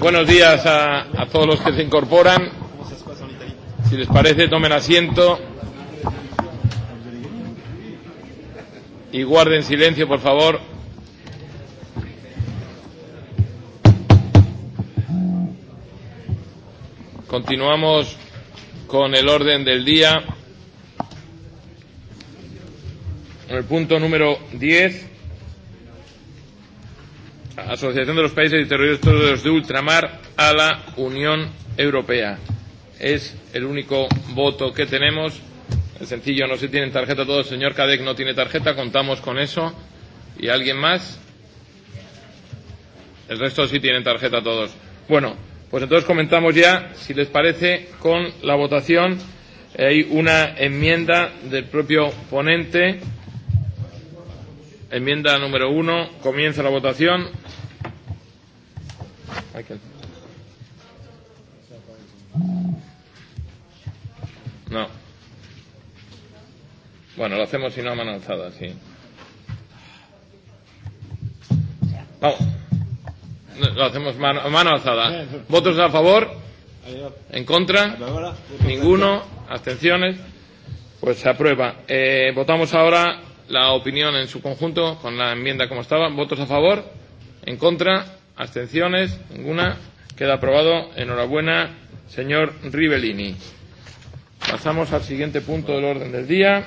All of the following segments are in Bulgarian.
Buenos días a, a todos los que se incorporan. Si les parece, tomen asiento y guarden silencio, por favor. Continuamos con el orden del día. En el punto número 10 Asociación de los Países y Territorios de Ultramar a la Unión Europea. Es el único voto que tenemos. Es sencillo, no se tienen tarjeta todos. El señor Cadec no tiene tarjeta, contamos con eso. ¿Y alguien más? El resto sí tienen tarjeta todos. Bueno, pues entonces comentamos ya, si les parece, con la votación. Hay una enmienda del propio ponente. Enmienda número uno. Comienza la votación. Okay. No. Bueno, lo hacemos sin una mano alzada, sí. Vamos. Lo hacemos mano, mano alzada. ¿Votos a favor? ¿En contra? ¿Ninguno? ¿Abstenciones? Pues se aprueba. Eh, votamos ahora la opinión en su conjunto con la enmienda como estaba. ¿Votos a favor? ¿En contra? ¿Abstenciones? Ninguna. Queda aprobado. Enhorabuena, señor Rivellini. Pasamos al siguiente punto del orden del día.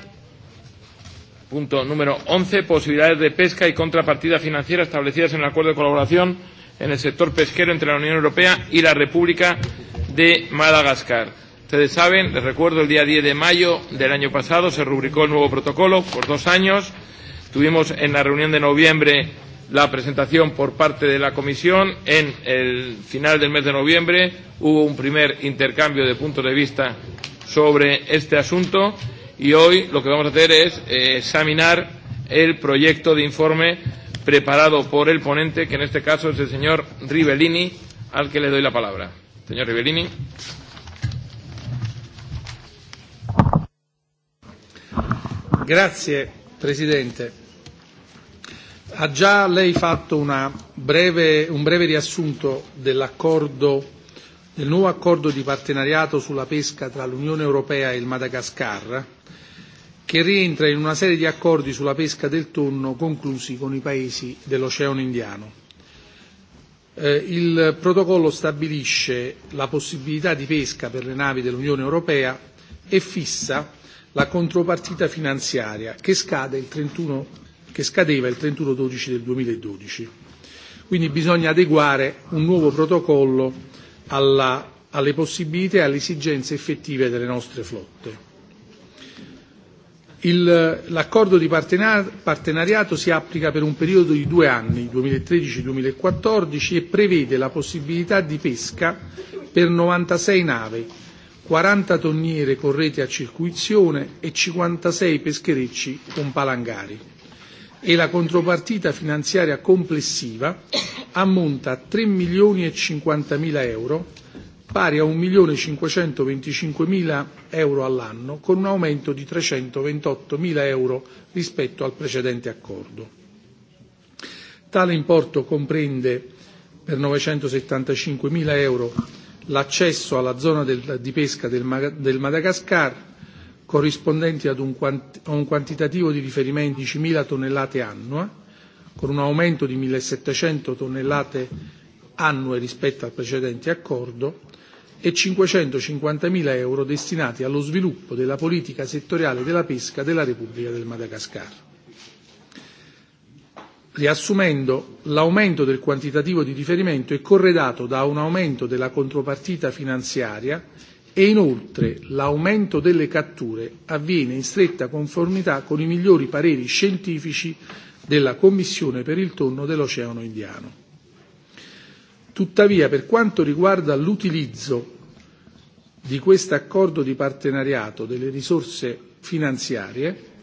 Punto número 11. Posibilidades de pesca y contrapartida financiera establecidas en el acuerdo de colaboración en el sector pesquero entre la Unión Europea y la República de Madagascar. Ustedes saben, les recuerdo, el día 10 de mayo del año pasado se rubricó el nuevo protocolo por dos años. Tuvimos en la reunión de noviembre la presentación por parte de la Comisión. En el final del mes de noviembre hubo un primer intercambio de puntos de vista sobre este asunto y hoy lo que vamos a hacer es eh, examinar el proyecto de informe preparado por el ponente, que en este caso es el señor Rivellini, al que le doy la palabra. Señor Rivellini. Gracias, Presidente ha già lei fatto una breve, un breve riassunto dell'accordo del nuovo accordo di partenariato sulla pesca tra l'Unione Europea e il Madagascar, che rientra in una serie di accordi sulla pesca del tonno conclusi con i paesi dell'Oceano Indiano. Eh, il protocollo stabilisce la possibilità di pesca per le navi dell'Unione Europea e fissa la contropartita finanziaria che scade il 31 che scadeva il 31 12 del 2012. Quindi bisogna adeguare un nuovo protocollo alla, alle possibilità e alle esigenze effettive delle nostre flotte. l'accordo di partenariato si applica per un periodo di due anni, 2013-2014, e prevede la possibilità di pesca per 96 navi, 40 tonniere con rete a circuizione e 56 pescherecci con palangari e la contropartita finanziaria complessiva ammonta a 3 milioni e 50 mila euro, pari a 1 milione 525 mila euro all'anno, con un aumento di 328 mila euro rispetto al precedente accordo. Tale importo comprende per 975 mila euro l'accesso alla zona del, di pesca del, del Madagascar, corrispondenti ad un, quant- a un quantitativo di riferimento di 10.000 tonnellate annua, con un aumento di 1.700 tonnellate annue rispetto al precedente accordo, e 550.000 euro destinati allo sviluppo della politica settoriale della pesca della Repubblica del Madagascar. Riassumendo, l'aumento del quantitativo di riferimento è corredato da un aumento della contropartita finanziaria e inoltre l'aumento delle catture avviene in stretta conformità con i migliori pareri scientifici della Commissione per il tonno dell'Oceano Indiano. Tuttavia, per quanto riguarda l'utilizzo di questo accordo di partenariato delle risorse finanziarie,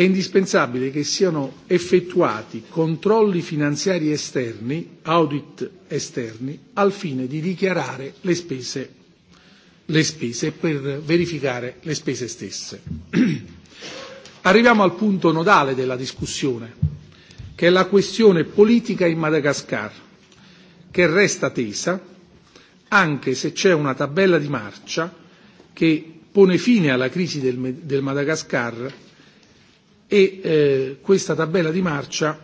è indispensabile che siano effettuati controlli finanziari esterni, audit esterni, al fine di dichiarare le spese, le spese per verificare le spese stesse. Arriviamo al punto nodale della discussione, che è la questione politica in Madagascar, che resta tesa, anche se c'è una tabella di marcia che pone fine alla crisi del, del Madagascar e questa tabella di marcia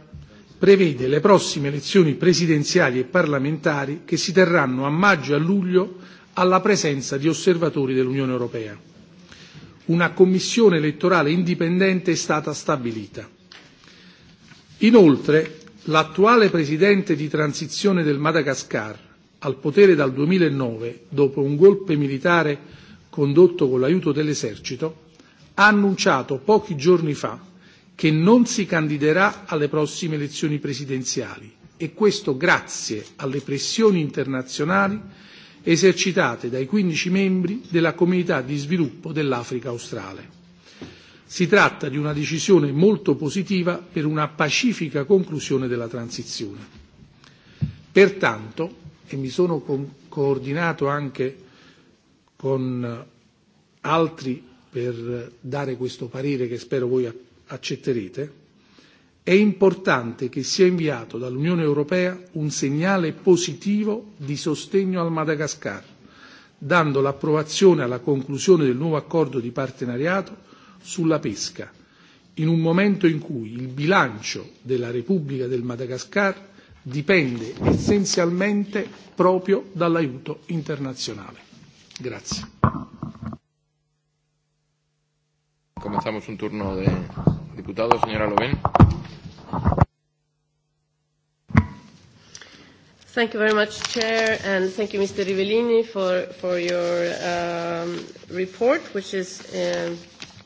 prevede le prossime elezioni presidenziali e parlamentari che si terranno a maggio e a luglio alla presenza di osservatori dell'Unione Europea. Una commissione elettorale indipendente è stata stabilita. Inoltre, l'attuale presidente di transizione del Madagascar, al potere dal duemilanove dopo un golpe militare condotto con l'aiuto dell'esercito, ha annunciato pochi giorni fa che non si candiderà alle prossime elezioni presidenziali e questo grazie alle pressioni internazionali esercitate dai 15 membri della Comunità di sviluppo dell'Africa australe. Si tratta di una decisione molto positiva per una pacifica conclusione della transizione. Pertanto, e mi sono coordinato anche con altri per dare questo parere che spero voi accetterete, è importante che sia inviato dall'Unione Europea un segnale positivo di sostegno al Madagascar, dando l'approvazione alla conclusione del nuovo accordo di partenariato sulla pesca, in un momento in cui il bilancio della Repubblica del Madagascar dipende essenzialmente proprio dall'aiuto internazionale. Grazie. Comenzamos un turno de diputados. Señora Loven. Thank you very much, Chair, and thank you, Mr. Rivellini, for, for your um, report, which is uh,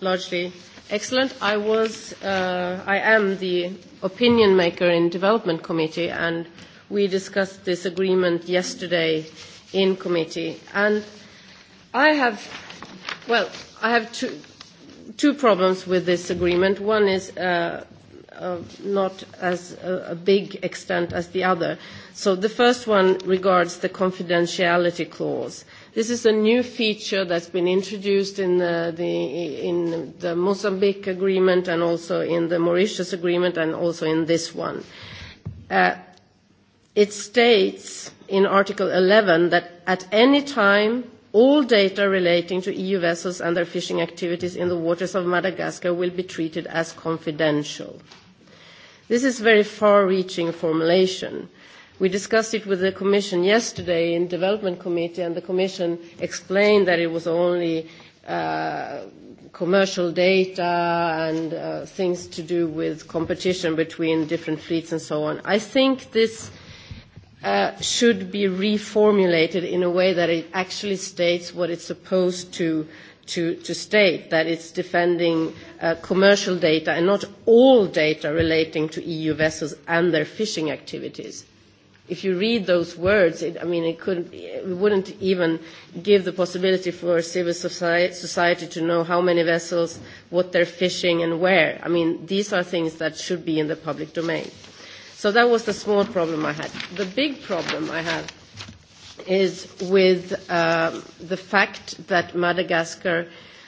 largely excellent. I was, uh, I am the opinion maker in Development Committee, and we discussed this agreement yesterday in committee. And I have, well, I have two, two problems with this agreement. One is uh, uh, not as a, a big extent as the other. So the first one regards the confidentiality clause. This is a new feature that's been introduced in the, the, in the Mozambique agreement and also in the Mauritius agreement and also in this one. Uh, it states in Article 11 that at any time All data relating to EU vessels and their fishing activities in the waters of Madagascar will be treated as confidential. This is very far-reaching formulation. We discussed it with the Commission yesterday in Development Committee, and the Commission explained that it was only uh, commercial data and uh, things to do with competition between different fleets and so on. I think this should be reformulated in a way that it actually states what it's supposed to to, to state that it's defending uh, commercial data and not all data relating to EU vessels and their fishing activities. If you read those words, it, I mean, it, couldn't, it wouldn't even give the possibility for civil society, society to know how many vessels, what they're fishing, and where. I mean, these are things that should be in the public domain. So that was the small problem I had. The big problem I have is with uh, the fact that Madagascar,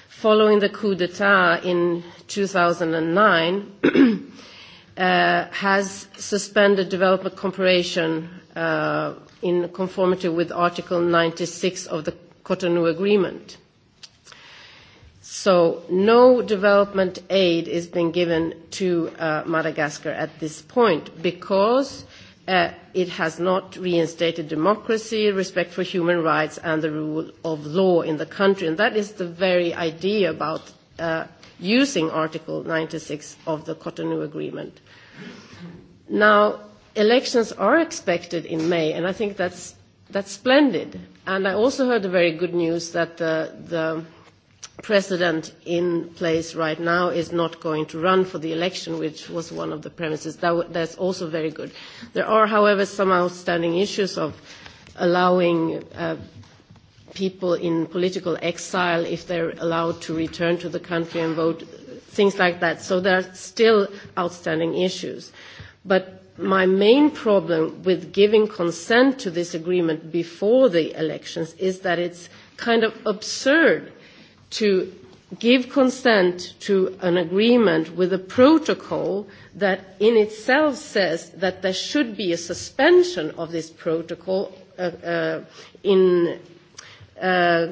following the coup d'etat in 2009, uh, has suspended development cooperation uh, in conformity with Article 96 of the Cotonou Agreement. So no development aid is being given to uh, Madagascar at this point because uh, it has not reinstated democracy, respect for human rights, and the rule of law in the country. And that is the very idea about uh, using Article 96 of the Cotonou Agreement. Now, elections are expected in May, and I think that's, that's splendid. And I also heard the very good news that the, the president in place right now is not going to run for the election, which was one of the premises. That, that's also very good. There are, however, some outstanding issues of allowing uh, people in political exile, if they're allowed to return to the country and vote, things like that. So there are still outstanding issues. But my main problem with giving consent to this agreement before the elections is that it's kind of absurd to give consent to an agreement with a protocol that in itself says that there should be a suspension of this protocol uh, uh, in uh,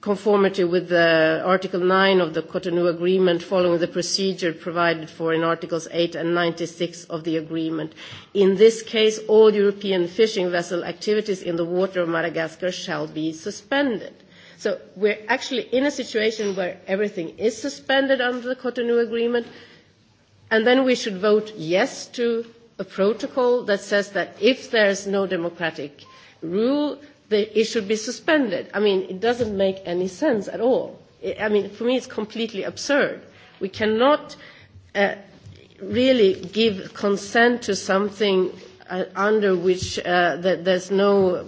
conformity with the Article 9 of the Cotonou Agreement following the procedure provided for in Articles 8 and 96 of the agreement. In this case, all European fishing vessel activities in the water of Madagascar shall be suspended So we're actually in a situation where everything is suspended under the Cotonou Agreement, and then we should vote yes to a protocol that says that if there is no democratic rule, it should be suspended. I mean, it doesn't make any sense at all. I mean, for me, it's completely absurd. We cannot uh, really give consent to something uh, under which uh, that there's no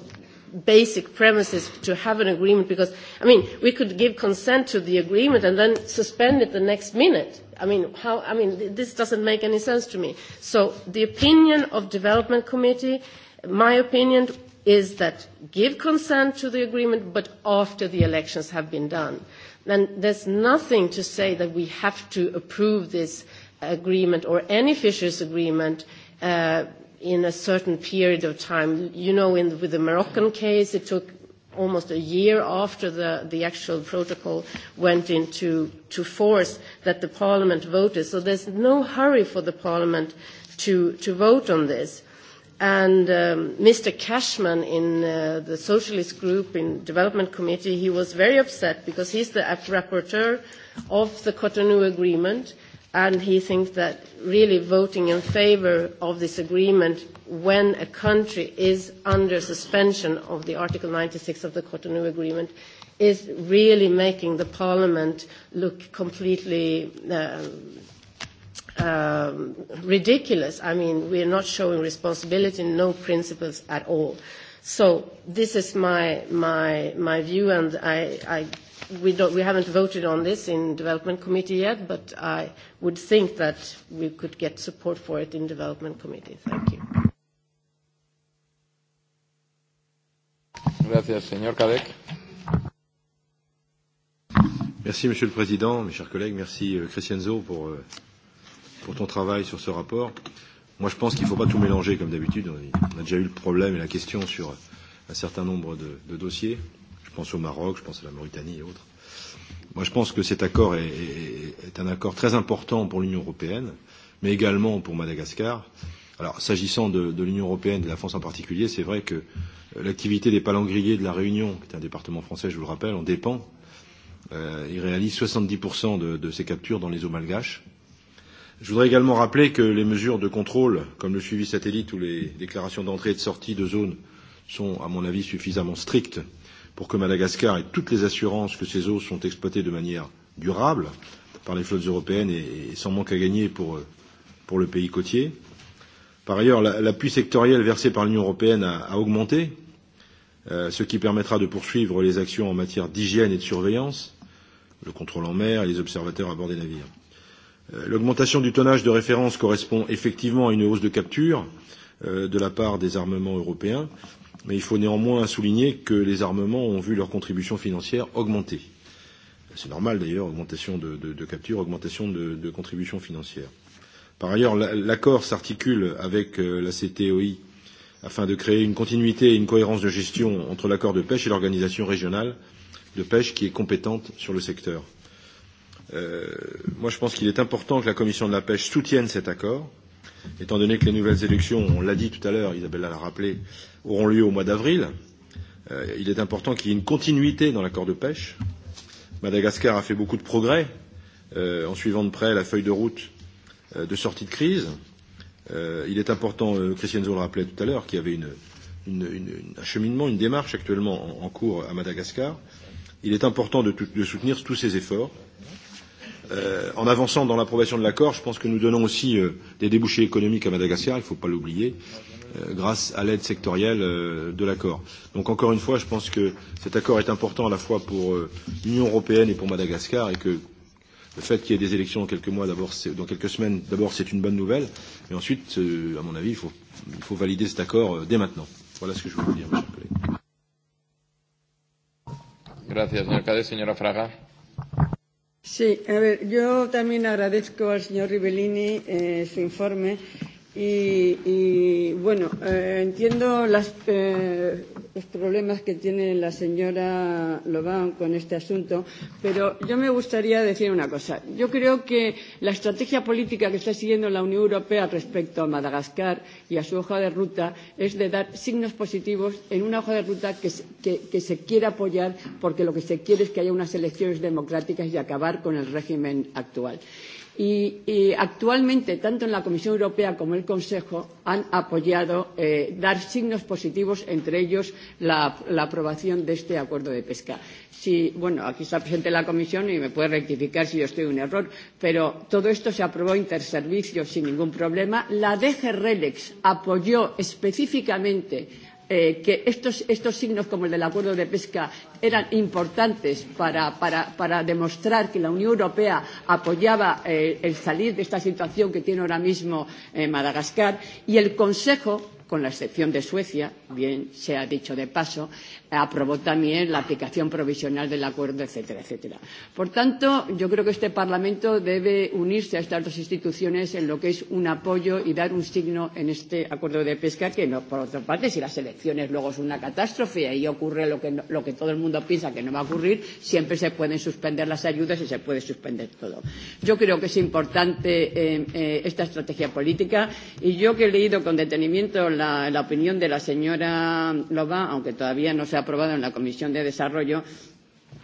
basic premises to have an agreement because I mean we could give consent to the agreement and then suspend it the next minute. I mean how I mean this doesn't make any sense to me. So the opinion of development committee, my opinion is that give consent to the agreement but after the elections have been done. And there's nothing to say that we have to approve this agreement or any fishers agreement uh, in a certain period of time. You know, in, with the Moroccan case, it took almost a year after the, the actual protocol went into to force that the parliament voted. So there's no hurry for the parliament to, to vote on this. And um, Mr. Cashman in uh, the socialist group in development committee, he was very upset because he's the rapporteur of the Cotonou agreement and he thinks that really voting in favour of this agreement when a country is under suspension of the Article 96 of the Cotonou Agreement is really making the Parliament look completely um, um, ridiculous. I mean, we are not showing responsibility, no principles at all. So this is my my my view, and I, I we don't, we haven't voted on this in development committee yet, but I would think that we could get support for it in development committee. Thank you. Gracias, señor Cadec. Merci, monsieur le président, mes chers collègues. Merci, Crescenzo, pour, pour ton travail sur ce rapport. Moi, je pense qu'il ne faut pas tout mélanger, comme d'habitude. On a déjà eu le problème et la question sur un certain nombre de, de dossiers pense au Maroc, je pense à la Mauritanie et autres. Moi, je pense que cet accord est, est, est un accord très important pour l'Union européenne, mais également pour Madagascar. Alors, s'agissant de, de l'Union européenne, de la France en particulier, c'est vrai que l'activité des palangriers de la Réunion, qui est un département français, je vous le rappelle, en dépend. Euh, il réalise 70% de, de ses captures dans les eaux malgaches. Je voudrais également rappeler que les mesures de contrôle, comme le suivi satellite ou les déclarations d'entrée et de sortie de zones, sont, à mon avis, suffisamment strictes pour que Madagascar ait toutes les assurances que ses eaux sont exploitées de manière durable par les flottes européennes et, et sans manque à gagner pour, pour le pays côtier. Par ailleurs, l'appui sectoriel versé par l'Union européenne a, a augmenté, euh, ce qui permettra de poursuivre les actions en matière d'hygiène et de surveillance, le contrôle en mer et les observateurs à bord des navires. L'augmentation du tonnage de référence correspond effectivement à une hausse de capture de la part des armements européens, mais il faut néanmoins souligner que les armements ont vu leur contribution financière augmenter. C'est normal d'ailleurs, augmentation de, de, de capture, augmentation de, de contribution financière. Par ailleurs, l'accord s'articule avec la CTOI afin de créer une continuité et une cohérence de gestion entre l'accord de pêche et l'organisation régionale de pêche qui est compétente sur le secteur. Euh, moi, je pense qu'il est important que la Commission de la pêche soutienne cet accord Étant donné que les nouvelles élections, on l'a dit tout à l'heure, Isabella l'a rappelé, auront lieu au mois d'avril, euh, il est important qu'il y ait une continuité dans l'accord de pêche. Madagascar a fait beaucoup de progrès euh, en suivant de près la feuille de route euh, de sortie de crise. Euh, il est important, euh, Christianzo le rappelait tout à l'heure, qu'il y avait une, une, une, un cheminement, une démarche actuellement en, en cours à Madagascar. Il est important de, de soutenir tous ces efforts euh, en avançant dans l'approbation de l'accord, je pense que nous donnons aussi euh, des débouchés économiques à Madagascar, il ne faut pas l'oublier, euh, grâce à l'aide sectorielle euh, de l'accord. Donc encore une fois, je pense que cet accord est important à la fois pour euh, l'Union européenne et pour Madagascar, et que le fait qu'il y ait des élections dans quelques mois, d'abord, dans quelques semaines, d'abord c'est une bonne nouvelle, et ensuite, euh, à mon avis, il faut, il faut valider cet accord euh, dès maintenant. Voilà ce que je voulais vous dire, mes chers collègues. Gracias, señor Cades. Señora Fraga. Sí, a ver, yo también agradezco al señor Rivellini eh, su informe Y, y bueno, eh, entiendo las, eh, los problemas que tiene la señora Lobán con este asunto, pero yo me gustaría decir una cosa. Yo creo que la estrategia política que está siguiendo la Unión Europea respecto a Madagascar y a su hoja de ruta es de dar signos positivos en una hoja de ruta que, que, que se quiere apoyar porque lo que se quiere es que haya unas elecciones democráticas y acabar con el régimen actual y, y actualmente tanto en la Comisión Europea como en el Consejo han apoyado eh, dar signos positivos, entre ellos la, la aprobación de este acuerdo de pesca. Si, bueno, aquí está presente la Comisión y me puede rectificar si yo estoy en un error, pero todo esto se aprobó interservicios sin ningún problema. La DG Relex apoyó específicamente eh, que estos, estos signos como el del acuerdo de pesca eran importantes para, para, para demostrar que la Unión Europea apoyaba eh, el salir de esta situación que tiene ahora mismo eh, Madagascar y el Consejo con la excepción de Suecia, bien se ha dicho de paso, aprobó también la aplicación provisional del acuerdo, etcétera, etcétera. Por tanto, yo creo que este Parlamento debe unirse a estas dos instituciones en lo que es un apoyo y dar un signo en este acuerdo de pesca que, no, por otra parte, si las elecciones luego son una catástrofe y ocurre lo que, lo que todo el mundo piensa que no va a ocurrir, siempre se pueden suspender las ayudas y se puede suspender todo. Yo creo que es importante eh, eh, esta estrategia política y yo que he leído con detenimiento la, la opinión de la señora Loba, aunque todavía no se ha aprobado en la Comisión de Desarrollo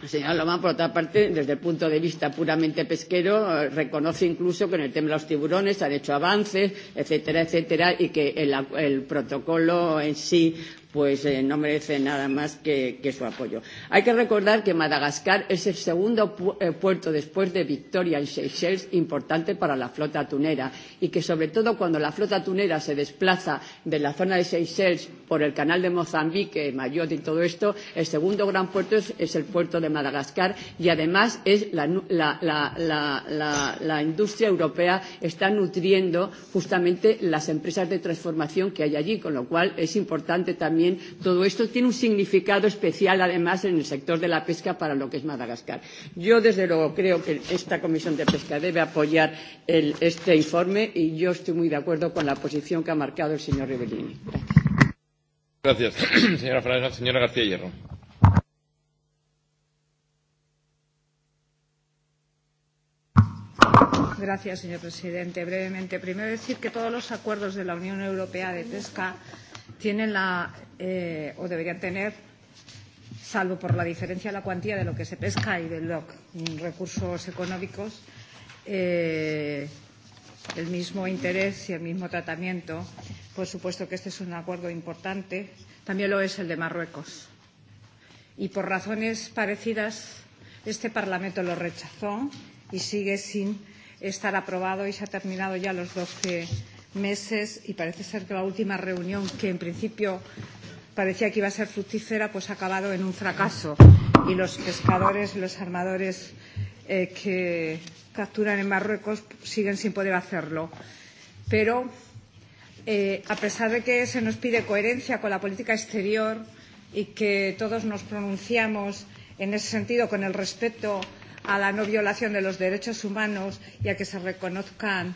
señor Lomán, por otra parte, desde el punto de vista puramente pesquero, reconoce incluso que en el tema de los tiburones han hecho avances, etcétera, etcétera, y que el, el protocolo en sí pues eh, no merece nada más que, que su apoyo. Hay que recordar que Madagascar es el segundo pu eh, puerto después de Victoria en Seychelles importante para la flota tunera y que sobre todo cuando la flota tunera se desplaza de la zona de Seychelles por el canal de Mozambique, Mayotte y todo esto, el segundo gran puerto es, es el puerto de Madagascar y además es la, la, la, la, la, la industria europea está nutriendo justamente las empresas de transformación que hay allí, con lo cual es importante también también todo esto tiene un significado especial, además, en el sector de la pesca para lo que es Madagascar. Yo, desde luego, creo que esta Comisión de Pesca debe apoyar el, este informe y yo estoy muy de acuerdo con la posición que ha marcado el señor Rivellini. Gracias. Gracias. Señora, Fraga, señora García Hierro. Gracias, señor presidente. Brevemente, primero decir que todos los acuerdos de la Unión Europea de Pesca tienen la, eh, o deberían tener, salvo por la diferencia de la cuantía de lo que se pesca y de los recursos económicos, eh, el mismo interés y el mismo tratamiento. Por supuesto que este es un acuerdo importante. También lo es el de Marruecos. Y por razones parecidas, este Parlamento lo rechazó y sigue sin estar aprobado y se ha terminado ya los dos que meses y parece ser que la última reunión, que en principio parecía que iba a ser fructífera, pues ha acabado en un fracaso. Y los pescadores, los armadores eh, que capturan en Marruecos siguen sin poder hacerlo. Pero, eh, a pesar de que se nos pide coherencia con la política exterior y que todos nos pronunciamos en ese sentido con el respeto a la no violación de los derechos humanos y a que se reconozcan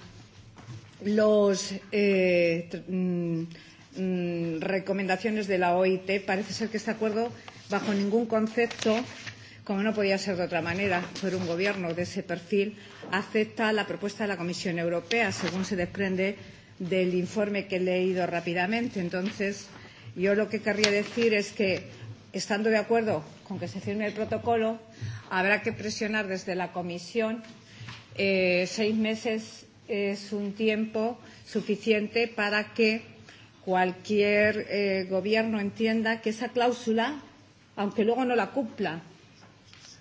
las eh, recomendaciones de la OIT, parece ser que este acuerdo, bajo ningún concepto, como no podía ser de otra manera, por un gobierno de ese perfil, acepta la propuesta de la Comisión Europea, según se desprende del informe que he leído rápidamente. Entonces, yo lo que querría decir es que, estando de acuerdo con que se firme el protocolo, habrá que presionar desde la Comisión eh, seis meses es un tiempo suficiente para que cualquier eh, gobierno entienda que esa cláusula, aunque luego no la cumpla,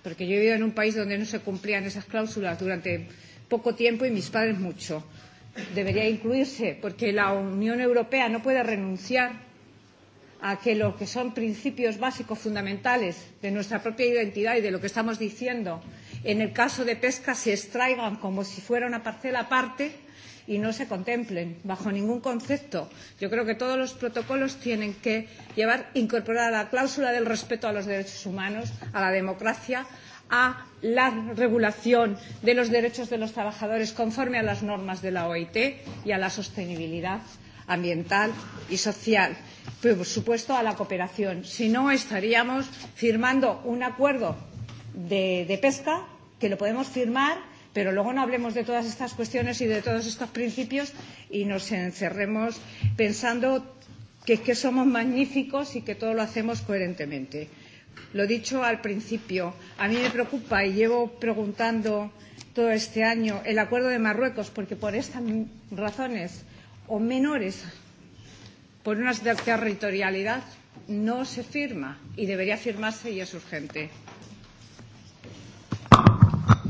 porque yo he vivido en un país donde no se cumplían esas cláusulas durante poco tiempo y mis padres mucho, debería incluirse, porque la Unión Europea no puede renunciar a que lo que son principios básicos fundamentales de nuestra propia identidad y de lo que estamos diciendo en el caso de pesca se extraigan como si fuera una parcela aparte y no se contemplen bajo ningún concepto. Yo creo que todos los protocolos tienen que llevar incorporada la cláusula del respeto a los derechos humanos, a la democracia, a la regulación de los derechos de los trabajadores conforme a las normas de la OIT y a la sostenibilidad ambiental y social. Pero, por supuesto, a la cooperación. Si no, estaríamos firmando un acuerdo de, de pesca, que lo podemos firmar, pero luego no hablemos de todas estas cuestiones y de todos estos principios y nos encerremos pensando que que somos magníficos y que todo lo hacemos coherentemente. Lo dicho al principio, a mí me preocupa y llevo preguntando todo este año el acuerdo de Marruecos, porque por estas razones o menores, por una territorialidad, no se firma y debería firmarse y es urgente.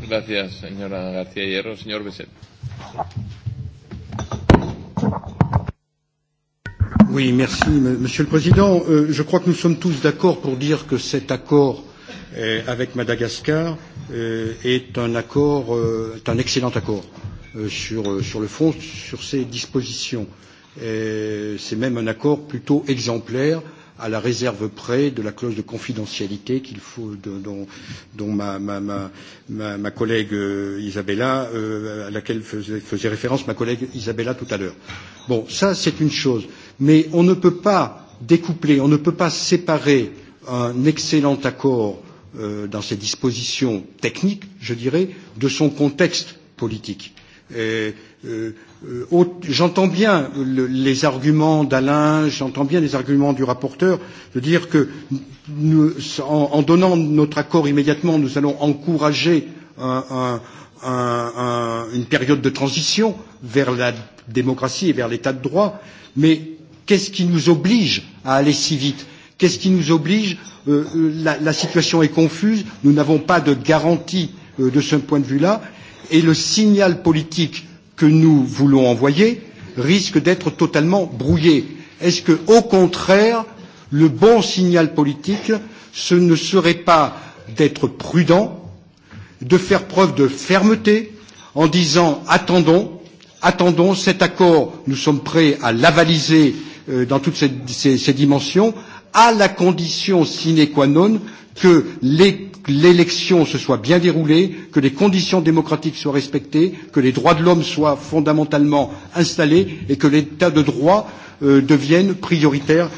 Gracias, señora García Hierro. Señor Beset. Oui, merci, Monsieur le Président. je crois que nous sommes tous d'accord pour dire que cet accord avec Madagascar est un accord, est un excellent accord sur, sur le fond, sur ses dispositions. c'est même un accord plutôt exemplaire euh, à la réserve près de la clause de confidentialité qu'il faut, dont, dont ma, ma, ma, ma, ma collègue Isabella, euh, à laquelle faisait, faisait référence ma collègue Isabella tout à l'heure. Bon, ça c'est une chose, mais on ne peut pas découpler, on ne peut pas séparer un excellent accord dans ses dispositions techniques, je dirais, de son contexte politique. Et, euh, J'entends bien les arguments d'Alain, j'entends bien les arguments du rapporteur de dire que nous, en, en donnant notre accord immédiatement, nous allons encourager un, un, un, un, une période de transition vers la démocratie et vers l'état de droit, mais qu'est-ce qui nous oblige à aller si vite Qu'est-ce qui nous oblige euh, la, la situation est confuse, nous n'avons pas de garantie euh, de ce point de vue-là, et le signal politique que nous voulons envoyer risque d'être totalement brouillé. Est-ce que, au contraire, le bon signal politique, ce ne serait pas d'être prudent, de faire preuve de fermeté en disant attendons, attendons cet accord, nous sommes prêts à l'avaliser dans toutes ces dimensions, à la condition sine qua non que l'élection se soit bien déroulée, que les conditions démocratiques soient respectées, que les droits de l'homme soient fondamentalement installés et que l'état de droit devienne prioritaire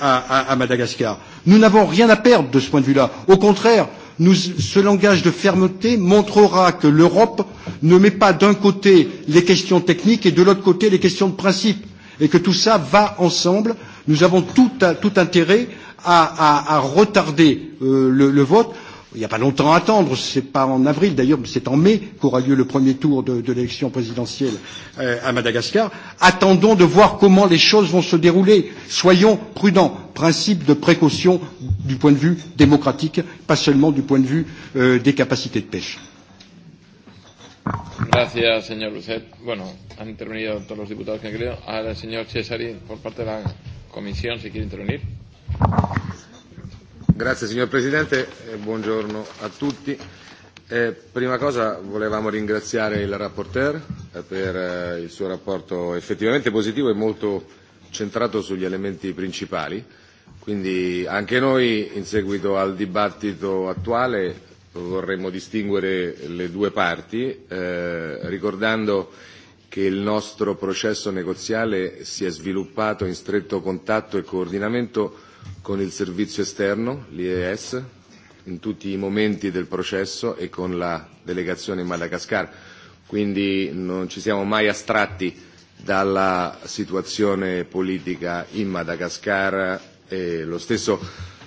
à, Madagascar. Nous n'avons rien à perdre de ce point de vue-là. Au contraire, ce langage de fermeté montrera que l'Europe ne met pas d'un côté les questions techniques et de l'autre côté les questions de principe et que tout cela va ensemble. Nous avons tout, intérêt à, à, à retarder euh, le, le vote. Il n'y a pas longtemps à attendre, ce n'est pas en avril d'ailleurs, mais c'est en mai qu'aura lieu le premier tour de, de l'élection présidentielle euh, à Madagascar. Attendons de voir comment les choses vont se dérouler. Soyons prudents. Principe de précaution du point de vue démocratique, pas seulement du point de vue euh, des capacités de pêche. Merci, señor Lucet. Bueno, han intervenido todos los diputados que creo. Ahora el Cesari, por parte de la comisión, si quiere intervenir signor presidente buongiorno a tutti prima cosa volevamo ringraziare il rapporteur per il suo rapporto effettivamente positivo e molto centrato sugli elementi principali quindi anche noi in seguito al dibattito attuale vorremmo distinguere le due parti ricordando che il nostro processo negoziale si è sviluppato in stretto contatto e coordinamento con il servizio esterno, l'IES, in tutti i momenti del processo e con la delegazione in Madagascar. Quindi non ci siamo mai astratti dalla situazione politica in Madagascar e lo stesso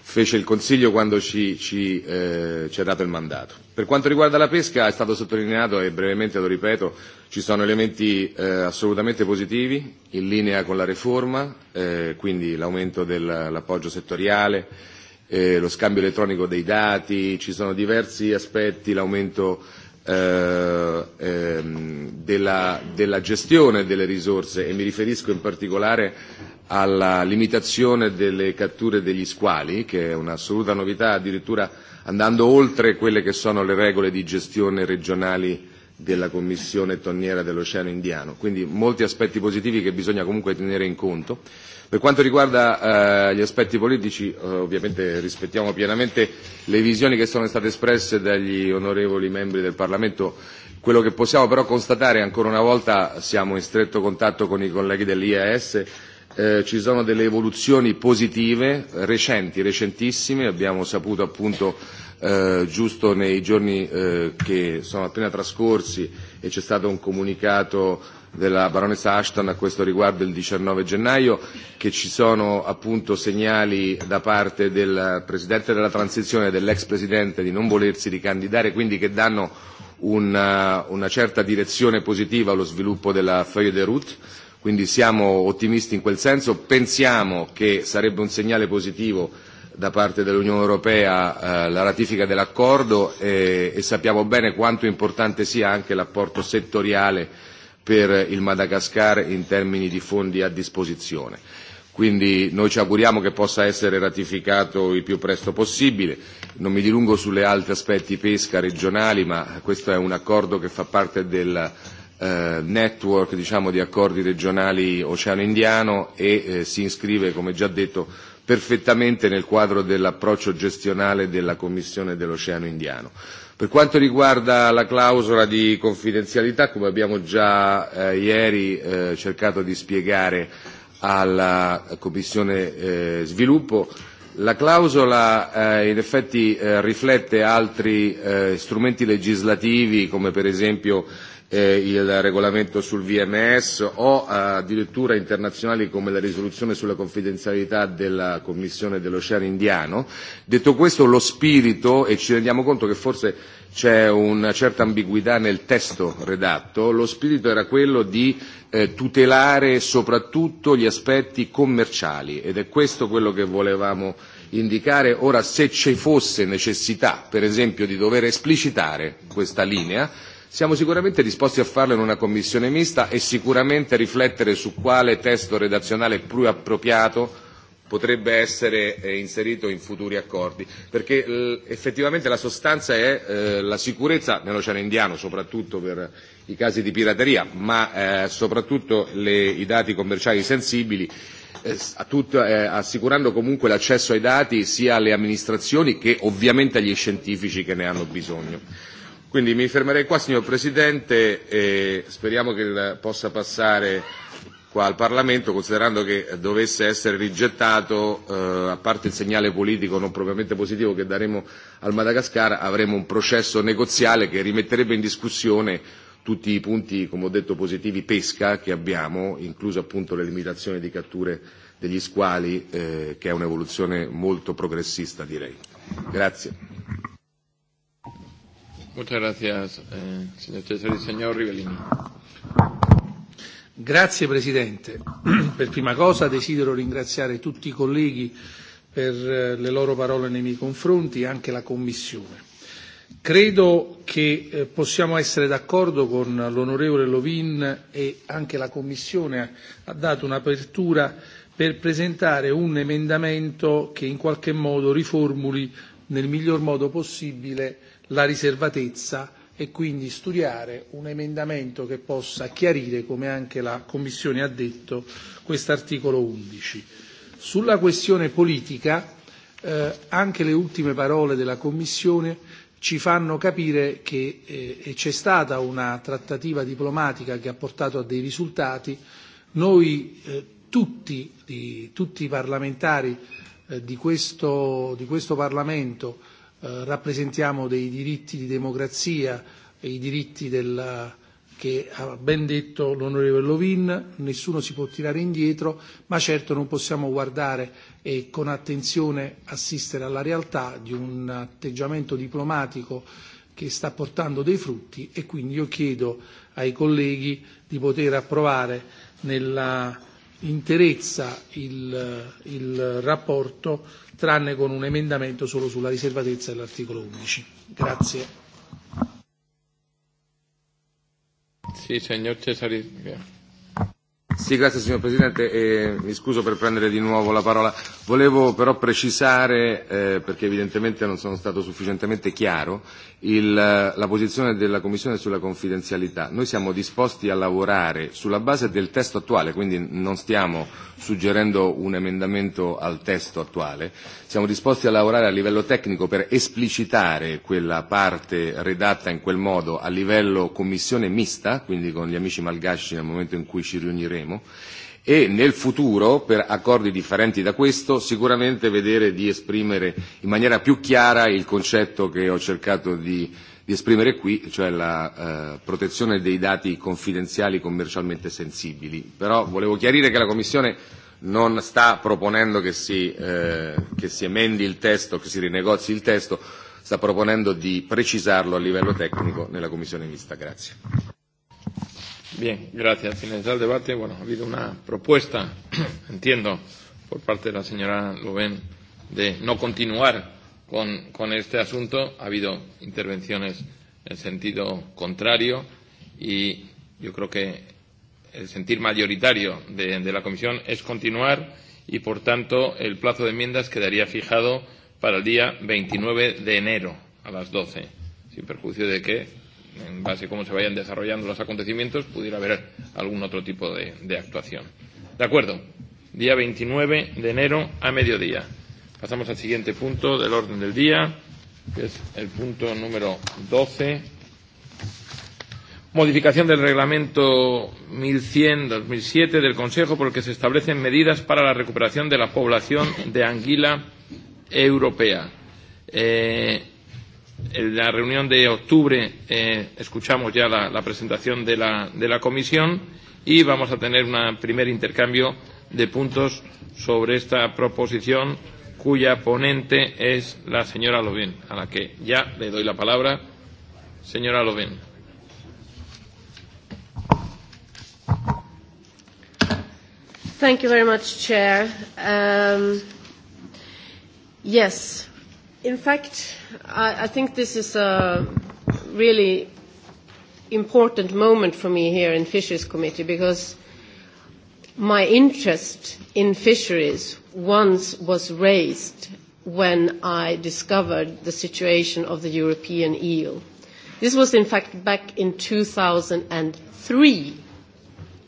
fece il Consiglio quando ci, ci, eh, ci ha dato il mandato. Per quanto riguarda la pesca è stato sottolineato e brevemente lo ripeto Ci sono elementi eh, assolutamente positivi, in linea con la riforma, eh, quindi l'aumento dell'appoggio settoriale, eh, lo scambio elettronico dei dati, ci sono diversi aspetti, l'aumento eh, ehm, della, della gestione delle risorse e mi riferisco in particolare alla limitazione delle catture degli squali, che è un'assoluta novità, addirittura andando oltre quelle che sono le regole di gestione regionali della Commissione tonniera dell'Oceano Indiano, quindi molti aspetti positivi che bisogna comunque tenere in conto. Per quanto riguarda eh, gli aspetti politici, eh, ovviamente rispettiamo pienamente le visioni che sono state espresse dagli onorevoli membri del Parlamento. Quello che possiamo però constatare ancora una volta, siamo in stretto contatto con i colleghi dell'IAS, eh, ci sono delle evoluzioni positive recenti, recentissime, abbiamo saputo appunto eh, giusto nei giorni eh, che sono appena trascorsi e c'è stato un comunicato della baronessa Ashton a questo riguardo il 19 gennaio, che ci sono appunto segnali da parte del Presidente della Transizione e dell'ex Presidente di non volersi ricandidare, quindi che danno una, una certa direzione positiva allo sviluppo della feuille de route quindi siamo ottimisti in quel senso, pensiamo che sarebbe un segnale positivo da parte dell'Unione Europea eh, la ratifica dell'accordo e, e sappiamo bene quanto importante sia anche l'apporto settoriale per il Madagascar in termini di fondi a disposizione. Quindi noi ci auguriamo che possa essere ratificato il più presto possibile. Non mi dilungo sulle altri aspetti pesca regionali, ma questo è un accordo che fa parte del eh, network diciamo, di accordi regionali oceano indiano e eh, si iscrive, come già detto, perfettamente nel quadro dell'approccio gestionale della Commissione dell'Oceano Indiano. Per quanto riguarda la clausola di confidenzialità, come abbiamo già eh, ieri eh, cercato di spiegare alla Commissione eh, Sviluppo, la clausola eh, in effetti eh, riflette altri eh, strumenti legislativi come per esempio eh, il regolamento sul VMS o addirittura internazionali come la risoluzione sulla confidenzialità della Commissione dell'Oceano Indiano. Detto questo, lo spirito, e ci rendiamo conto che forse c'è una certa ambiguità nel testo redatto, lo spirito era quello di eh, tutelare soprattutto gli aspetti commerciali ed è questo quello che volevamo indicare. Ora, se ci fosse necessità, per esempio, di dover esplicitare questa linea, Siamo sicuramente disposti a farlo in una commissione mista e sicuramente a riflettere su quale testo redazionale più appropriato potrebbe essere inserito in futuri accordi, perché effettivamente la sostanza è la sicurezza nell'Oceano Indiano, soprattutto per i casi di pirateria, ma soprattutto i dati commerciali sensibili, assicurando comunque l'accesso ai dati sia alle amministrazioni che ovviamente agli scientifici che ne hanno bisogno Quindi mi fermerei qua, signor Presidente, e speriamo che possa passare qua al Parlamento, considerando che dovesse essere rigettato, eh, a parte il segnale politico non propriamente positivo che daremo al Madagascar, avremo un processo negoziale che rimetterebbe in discussione tutti i punti, come ho detto, positivi pesca che abbiamo, incluso appunto le limitazioni di catture degli squali, eh, che è un'evoluzione molto progressista direi. Grazie. Muchas gracias, eh, señor Señor Rivellini. Grazie Presidente. Per prima cosa desidero ringraziare tutti i colleghi per le loro parole nei miei confronti e anche la Commissione. Credo che possiamo essere d'accordo con l'onorevole Lovin e anche la Commissione ha dato un'apertura per presentare un emendamento che in qualche modo riformuli nel miglior modo possibile la riservatezza e quindi studiare un emendamento che possa chiarire, come anche la Commissione ha detto, quest'articolo 11. Sulla questione politica, eh, anche le ultime parole della Commissione ci fanno capire che eh, c'è stata una trattativa diplomatica che ha portato a dei risultati. Noi eh, tutti, di, tutti i parlamentari eh, di, questo, di questo Parlamento rappresentiamo dei diritti di democrazia, i diritti della, che ha ben detto l'onorevole Lovin, nessuno si può tirare indietro, ma certo non possiamo guardare e con attenzione assistere alla realtà di un atteggiamento diplomatico che sta portando dei frutti e quindi io chiedo ai colleghi di poter approvare nella interezza il, il rapporto tranne con un emendamento solo sulla riservatezza dell'articolo 11. Grazie. Sì, signor Cesare. Sì, grazie signor Presidente, e mi scuso per prendere di nuovo la parola. Volevo però precisare, eh, perché evidentemente non sono stato sufficientemente chiaro, il, la posizione della Commissione sulla confidenzialità. Noi siamo disposti a lavorare sulla base del testo attuale, quindi non stiamo suggerendo un emendamento al testo attuale, siamo disposti a lavorare a livello tecnico per esplicitare quella parte redatta in quel modo a livello Commissione mista, quindi con gli amici malgasci nel momento in cui ci riuniremo vedremo, e nel futuro, per accordi differenti da questo, sicuramente vedere di esprimere in maniera più chiara il concetto che ho cercato di, di esprimere qui, cioè la eh, protezione dei dati confidenziali commercialmente sensibili. Però volevo chiarire che la Commissione non sta proponendo che si, eh, che si emendi il testo, che si rinegozi il testo, sta proponendo di precisarlo a livello tecnico nella Commissione mista. Grazie. Bien, gracias. Finalizar el debate. Bueno, ha habido una propuesta, entiendo, por parte de la señora Lubén de no continuar con, con este asunto. Ha habido intervenciones en sentido contrario y yo creo que el sentir mayoritario de, de la Comisión es continuar y, por tanto, el plazo de enmiendas quedaría fijado para el día 29 de enero a las 12, sin perjuicio de que en base a cómo se vayan desarrollando los acontecimientos, pudiera haber algún otro tipo de, de actuación. De acuerdo. Día 29 de enero a mediodía. Pasamos al siguiente punto del orden del día, que es el punto número 12. Modificación del Reglamento 1100-2007 del Consejo por el que se establecen medidas para la recuperación de la población de anguila europea. Eh, en la reunión de octubre eh, escuchamos ya la, la presentación de la, de la comisión y vamos a tener un primer intercambio de puntos sobre esta proposición cuya ponente es la señora Lovén, a la que ya le doy la palabra. Señora Lovén. Thank you very much, Chair. Um, yes, In fact, I, I think this is a really important moment for me here in Fisheries Committee because my interest in fisheries once was raised when I discovered the situation of the European eel. This was in fact back in 2003,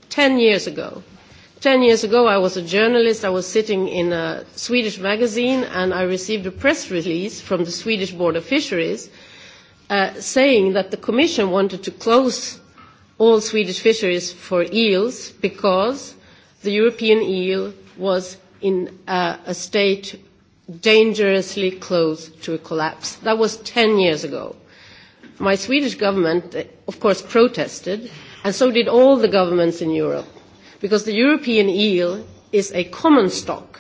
10 years ago. Ten years ago, I was a journalist. I was sitting in a Swedish magazine, and I received a press release from the Swedish Board of Fisheries uh, saying that the Commission wanted to close all Swedish fisheries for eels because the European eel was in uh, a state dangerously close to a collapse. That was 10 years ago. My Swedish government, of course, protested, and so did all the governments in Europe because the European eel is a common stock.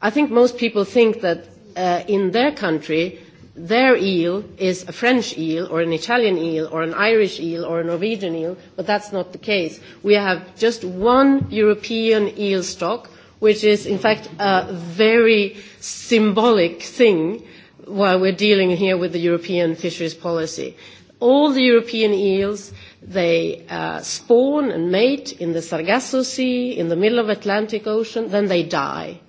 I think most people think that uh, in their country, their eel is a French eel or an Italian eel or an Irish eel or a Norwegian eel, but that's not the case. We have just one European eel stock, which is in fact a very symbolic thing while we're dealing here with the European fisheries policy all the European eels they uh, spawn and mate in the Sargasso Sea, in the middle of Atlantic Ocean, then they die.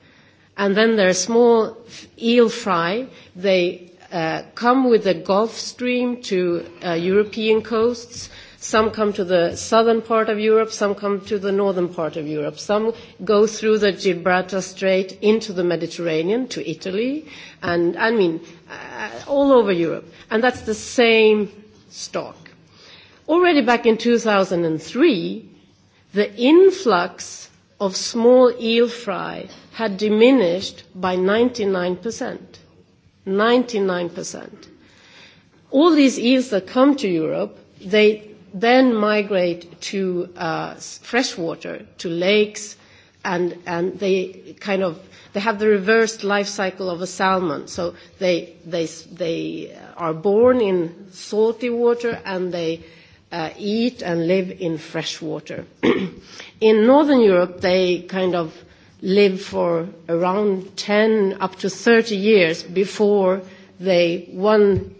And then there are small eel fry, they uh, come with the Gulf Stream to uh, European coasts, Some come to the southern part of Europe, some come to the northern part of Europe. Some go through the Gibraltar Strait into the Mediterranean, to Italy, and I mean, uh, all over Europe. And that's the same stock. Already back in 2003, the influx of small eel fry had diminished by 99%. 99%. All these eels that come to Europe, they then migrate to uh, freshwater, to lakes, and and they kind of they have the reversed life cycle of a salmon. So they they they are born in salty water and they uh, eat and live in fresh water. in northern Europe, they kind of live for around 10 up to 30 years before they one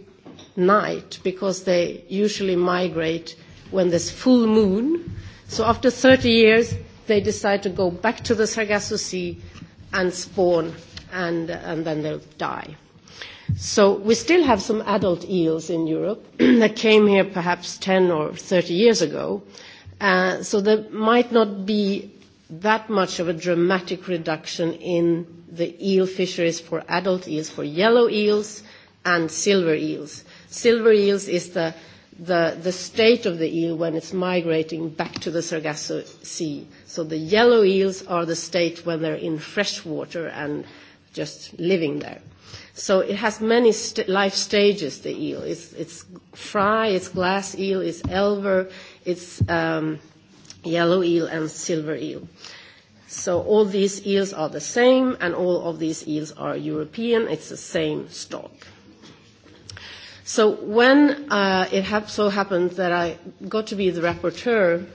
night because they usually migrate when there's full moon. So after 30 years, they decide to go back to the Sargasso Sea and spawn, and, and then they'll die. So we still have some adult eels in Europe that came here perhaps 10 or 30 years ago. Uh, so there might not be that much of a dramatic reduction in the eel fisheries for adult eels, for yellow eels and silver eels. Silver eels is the the, the state of the eel when it's migrating back to the Sargasso Sea. So the yellow eels are the state when they're in fresh water and just living there. So it has many st- life stages, the eel. It's, it's fry, it's glass eel, it's elver, it's um, yellow eel and silver eel. So all these eels are the same, and all of these eels are European. It's the same stock. So when uh, it ha- so happened that I got to be the rapporteur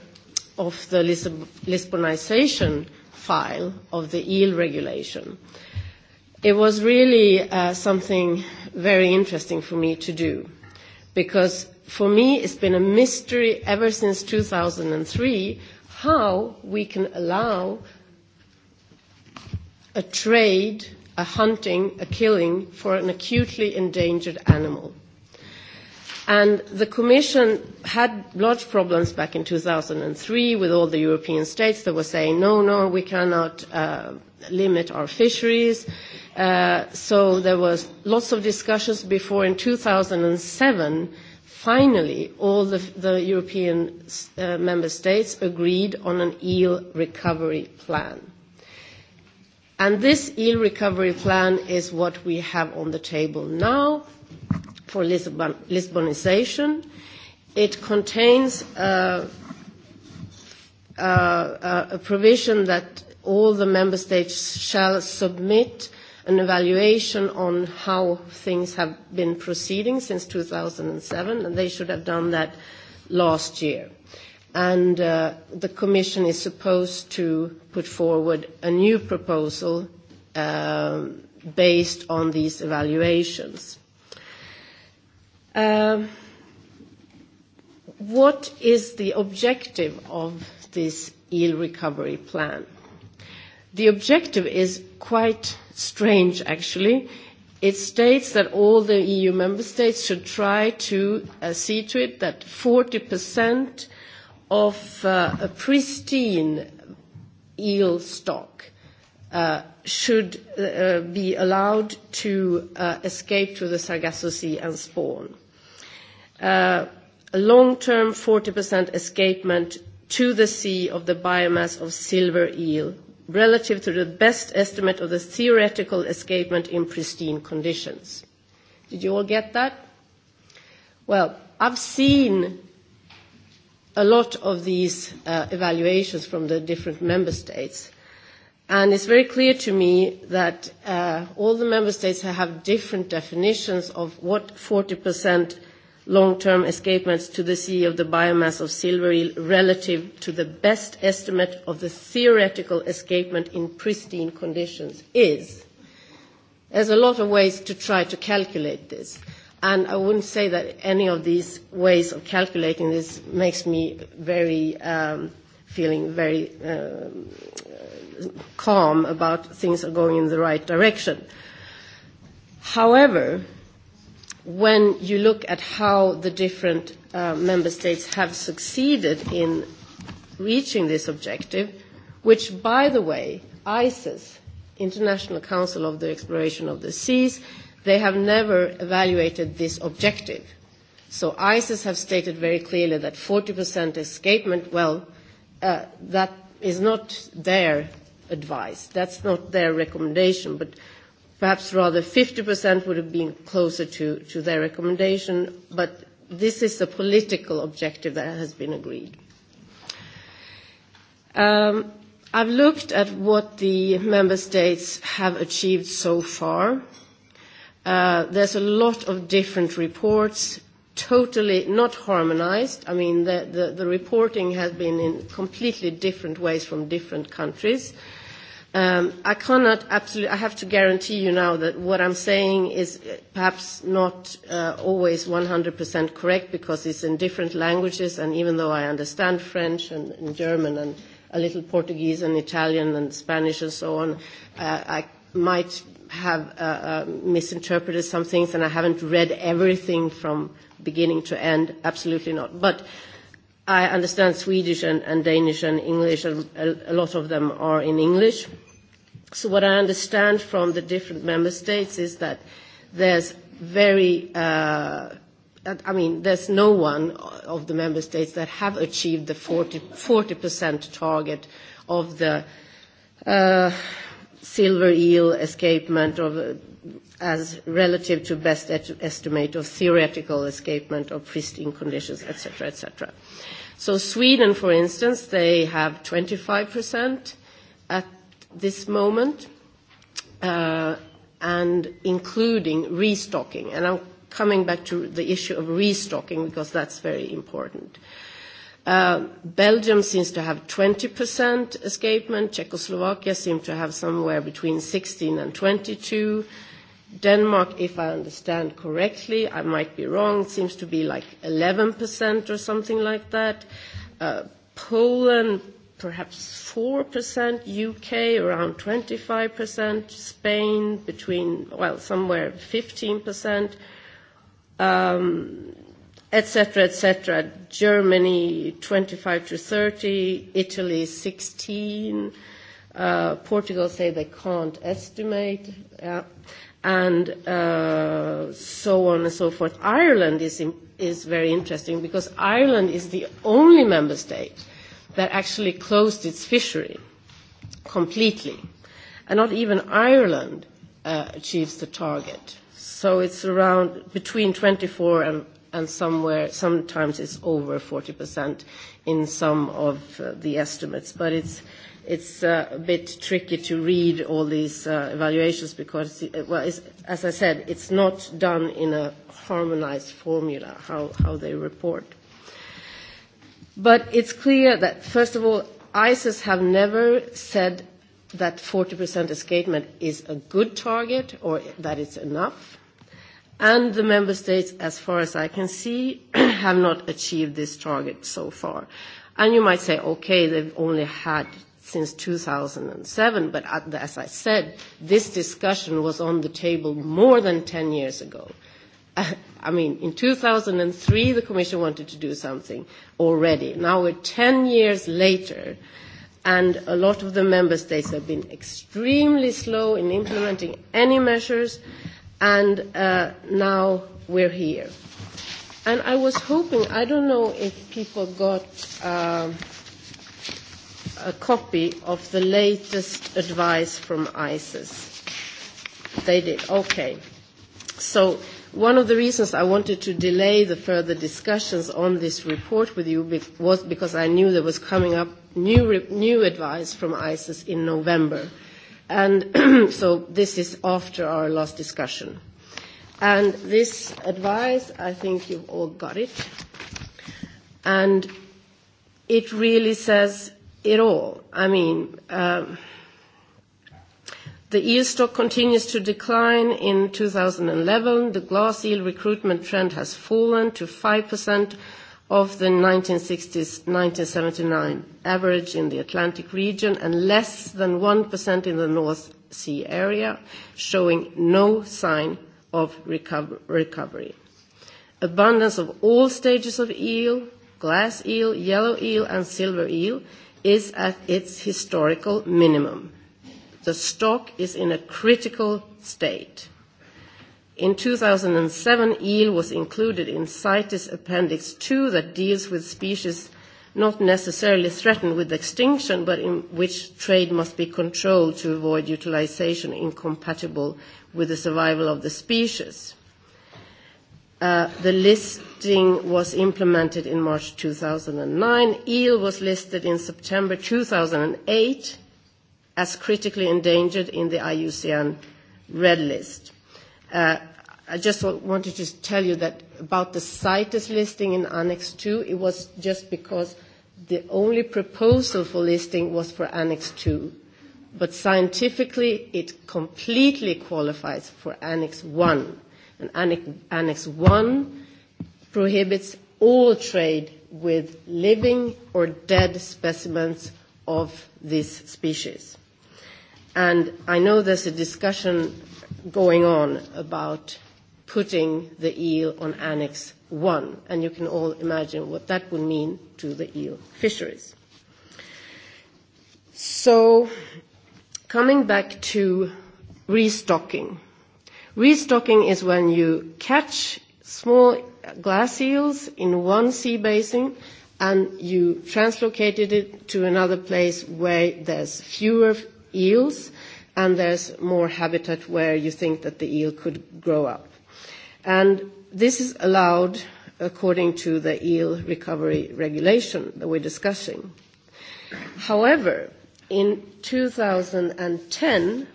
of the Lisb- Lisbonization file of the eel regulation, it was really uh, something very interesting for me to do because for me it's been a mystery ever since 2003 how we can allow a trade, a hunting, a killing for an acutely endangered animal And the Commission had large problems back in 2003 with all the European states that were saying, no, no, we cannot uh, limit our fisheries. Uh, so there was lots of discussions before in 2007, finally, all the, the European uh, member states agreed on an eel recovery plan. And this eel recovery plan is what we have on the table now for Lisbon, Lisbonization. It contains a, a, a provision that all the member states shall submit an evaluation on how things have been proceeding since 2007, and they should have done that last year. And uh, the Commission is supposed to put forward a new proposal uh, based on these evaluations. What is the objective of this yield recovery plan? The objective is quite strange, actually. It states that all the EU member states should try to see to it that 40% of a pristine eel stock should be allowed to escape to the Sargasso Sea and spawn long-term 40% escapement to the sea of the biomass of silver eel relative to the best estimate of the theoretical escapement in pristine conditions. Did you all get that? Well, I've seen a lot of these uh, evaluations from the different member states, and it's very clear to me that uh, all the member states have different definitions of what 40 percent long-term escapements to the sea of the biomass of silver eel relative to the best estimate of the theoretical escapement in pristine conditions is. There's a lot of ways to try to calculate this, and I wouldn't say that any of these ways of calculating this makes me very um, feeling very um, calm about things are going in the right direction. However, when you look at how the different uh, member states have succeeded in reaching this objective, which, by the way, ISIS, International Council of the Exploration of the Seas, they have never evaluated this objective. So ISIS have stated very clearly that 40% escapement, well, uh, that is not their advice. That's not their recommendation, but perhaps rather 50% would have been closer to, to their recommendation, but this is the political objective that has been agreed. Um, I've looked at what the member states have achieved so far. Uh, there's a lot of different reports, totally not harmonized. I mean, the, the, the reporting has been in completely different ways from different countries. Uh, Um, I cannot absolutely, I have to guarantee you now that what I'm saying is perhaps not uh, always 100% correct because it's in different languages and even though I understand French and, and German and a little Portuguese and Italian and Spanish and so on, uh, I might have uh, uh, misinterpreted some things and I haven't read everything from beginning to end, absolutely not. But I understand Swedish and, and Danish and English, and a, a lot of them are in English. So what I understand from the different member states is that there's very, uh, I mean, there's no one of the member states that have achieved the 40, 40% target of the uh, silver eel escapement of, as relative to best estimate of theoretical escapement of pristine conditions, etc., etc. So Sweden, for instance, they have 25% at this moment, uh, and including restocking. And I'm coming back to the issue of restocking because that's very important. Uh, Belgium seems to have 20% escapement. Czechoslovakia seems to have somewhere between 16 and 22. Denmark, if I understand correctly, I might be wrong, seems to be like 11% or something like that. Poland, perhaps 4%, U.K. around 25%, Spain between, well, somewhere 15% etc., etc. Germany, 25 to 30, Italy, 16. Uh, Portugal say they can't estimate, yeah. and uh, so on and so forth. Ireland is, in, is very interesting because Ireland is the only member state that actually closed its fishery completely, and not even Ireland uh, achieves the target. So it's around between 24 and and somewhere, sometimes it's over 40% in some of the estimates. But it's, it's a bit tricky to read all these evaluations because, well, it's, as I said, it's not done in a harmonized formula, how, how they report. But it's clear that, first of all, ISIS have never said that 40% escapement is a good target or that it's enough and the member states, as far as I can see, have not achieved this target so far. And you might say, okay, they've only had since 2007, but as I said, this discussion was on the table more than 10 years ago. I mean, in 2003, the Commission wanted to do something already. Now we're 10 years later, and a lot of the member states have been extremely slow in implementing any measures and uh, now we're here. And I was hoping, I don't know if people got uh, a copy of the latest advice from ISIS. They did, okay. So one of the reasons I wanted to delay the further discussions on this report with you was because I knew there was coming up new, re- new advice from ISIS in November – And so this is after our last discussion. And this advice, I think you've all got it. And it really says it all. I mean, um, the eel stock continues to decline in 2011. The glass eel recruitment trend has fallen to 5% of the 1960s-1979 average in the Atlantic region and less than 1% in the North Sea area, showing no sign of recovery. Abundance of all stages of eel, glass eel, yellow eel, and silver eel is at its historical minimum. The stock is in a critical state. In 2007, eel was included in CITES Appendix 2 that deals with species not necessarily threatened with extinction, but in which trade must be controlled to avoid utilization incompatible with the survival of the species. the listing was implemented in March 2009. Eel was listed in September 2008 as critically endangered in the IUCN Red List. I just wanted to tell you that about the CITES listing in Annex 2, it was just because the only proposal for listing was for Annex 2. But scientifically, it completely qualifies for Annex 1. And Annex 1 prohibits all trade with living or dead specimens of this species. And I know there's a discussion going on about putting the eel on Annex 1, and you can all imagine what that would mean to the eel fisheries. So coming back to restocking. Restocking is when you catch small glass eels in one sea basin and you translocated it to another place where there's fewer eels and there's more habitat where you think that the eel could grow up. And this is allowed according to the eel recovery regulation that we're discussing. However, in 2010,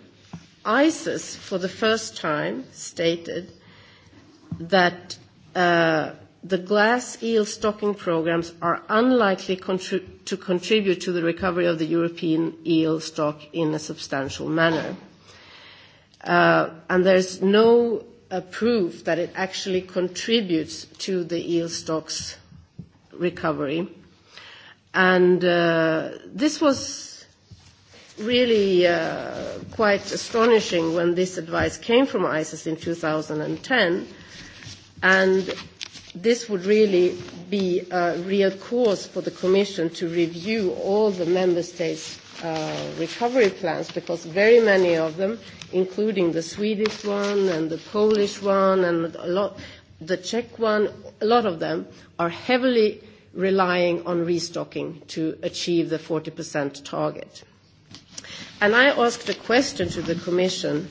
ISIS for the first time stated that uh, the glass eel stocking programs are unlikely to contribute to the recovery of the European eel stock in a substantial manner. And there's no proof that it actually contributes to the eel stock's recovery. And this was really quite astonishing when this advice came from ICES in 2010, and this would really be a real cause for the Commission to review all the Member States' uh, recovery plans because very many of them, including the Swedish one and the Polish one and a lot, the Czech one, a lot of them are heavily relying on restocking to achieve the 40% target. And I asked a question to the Commission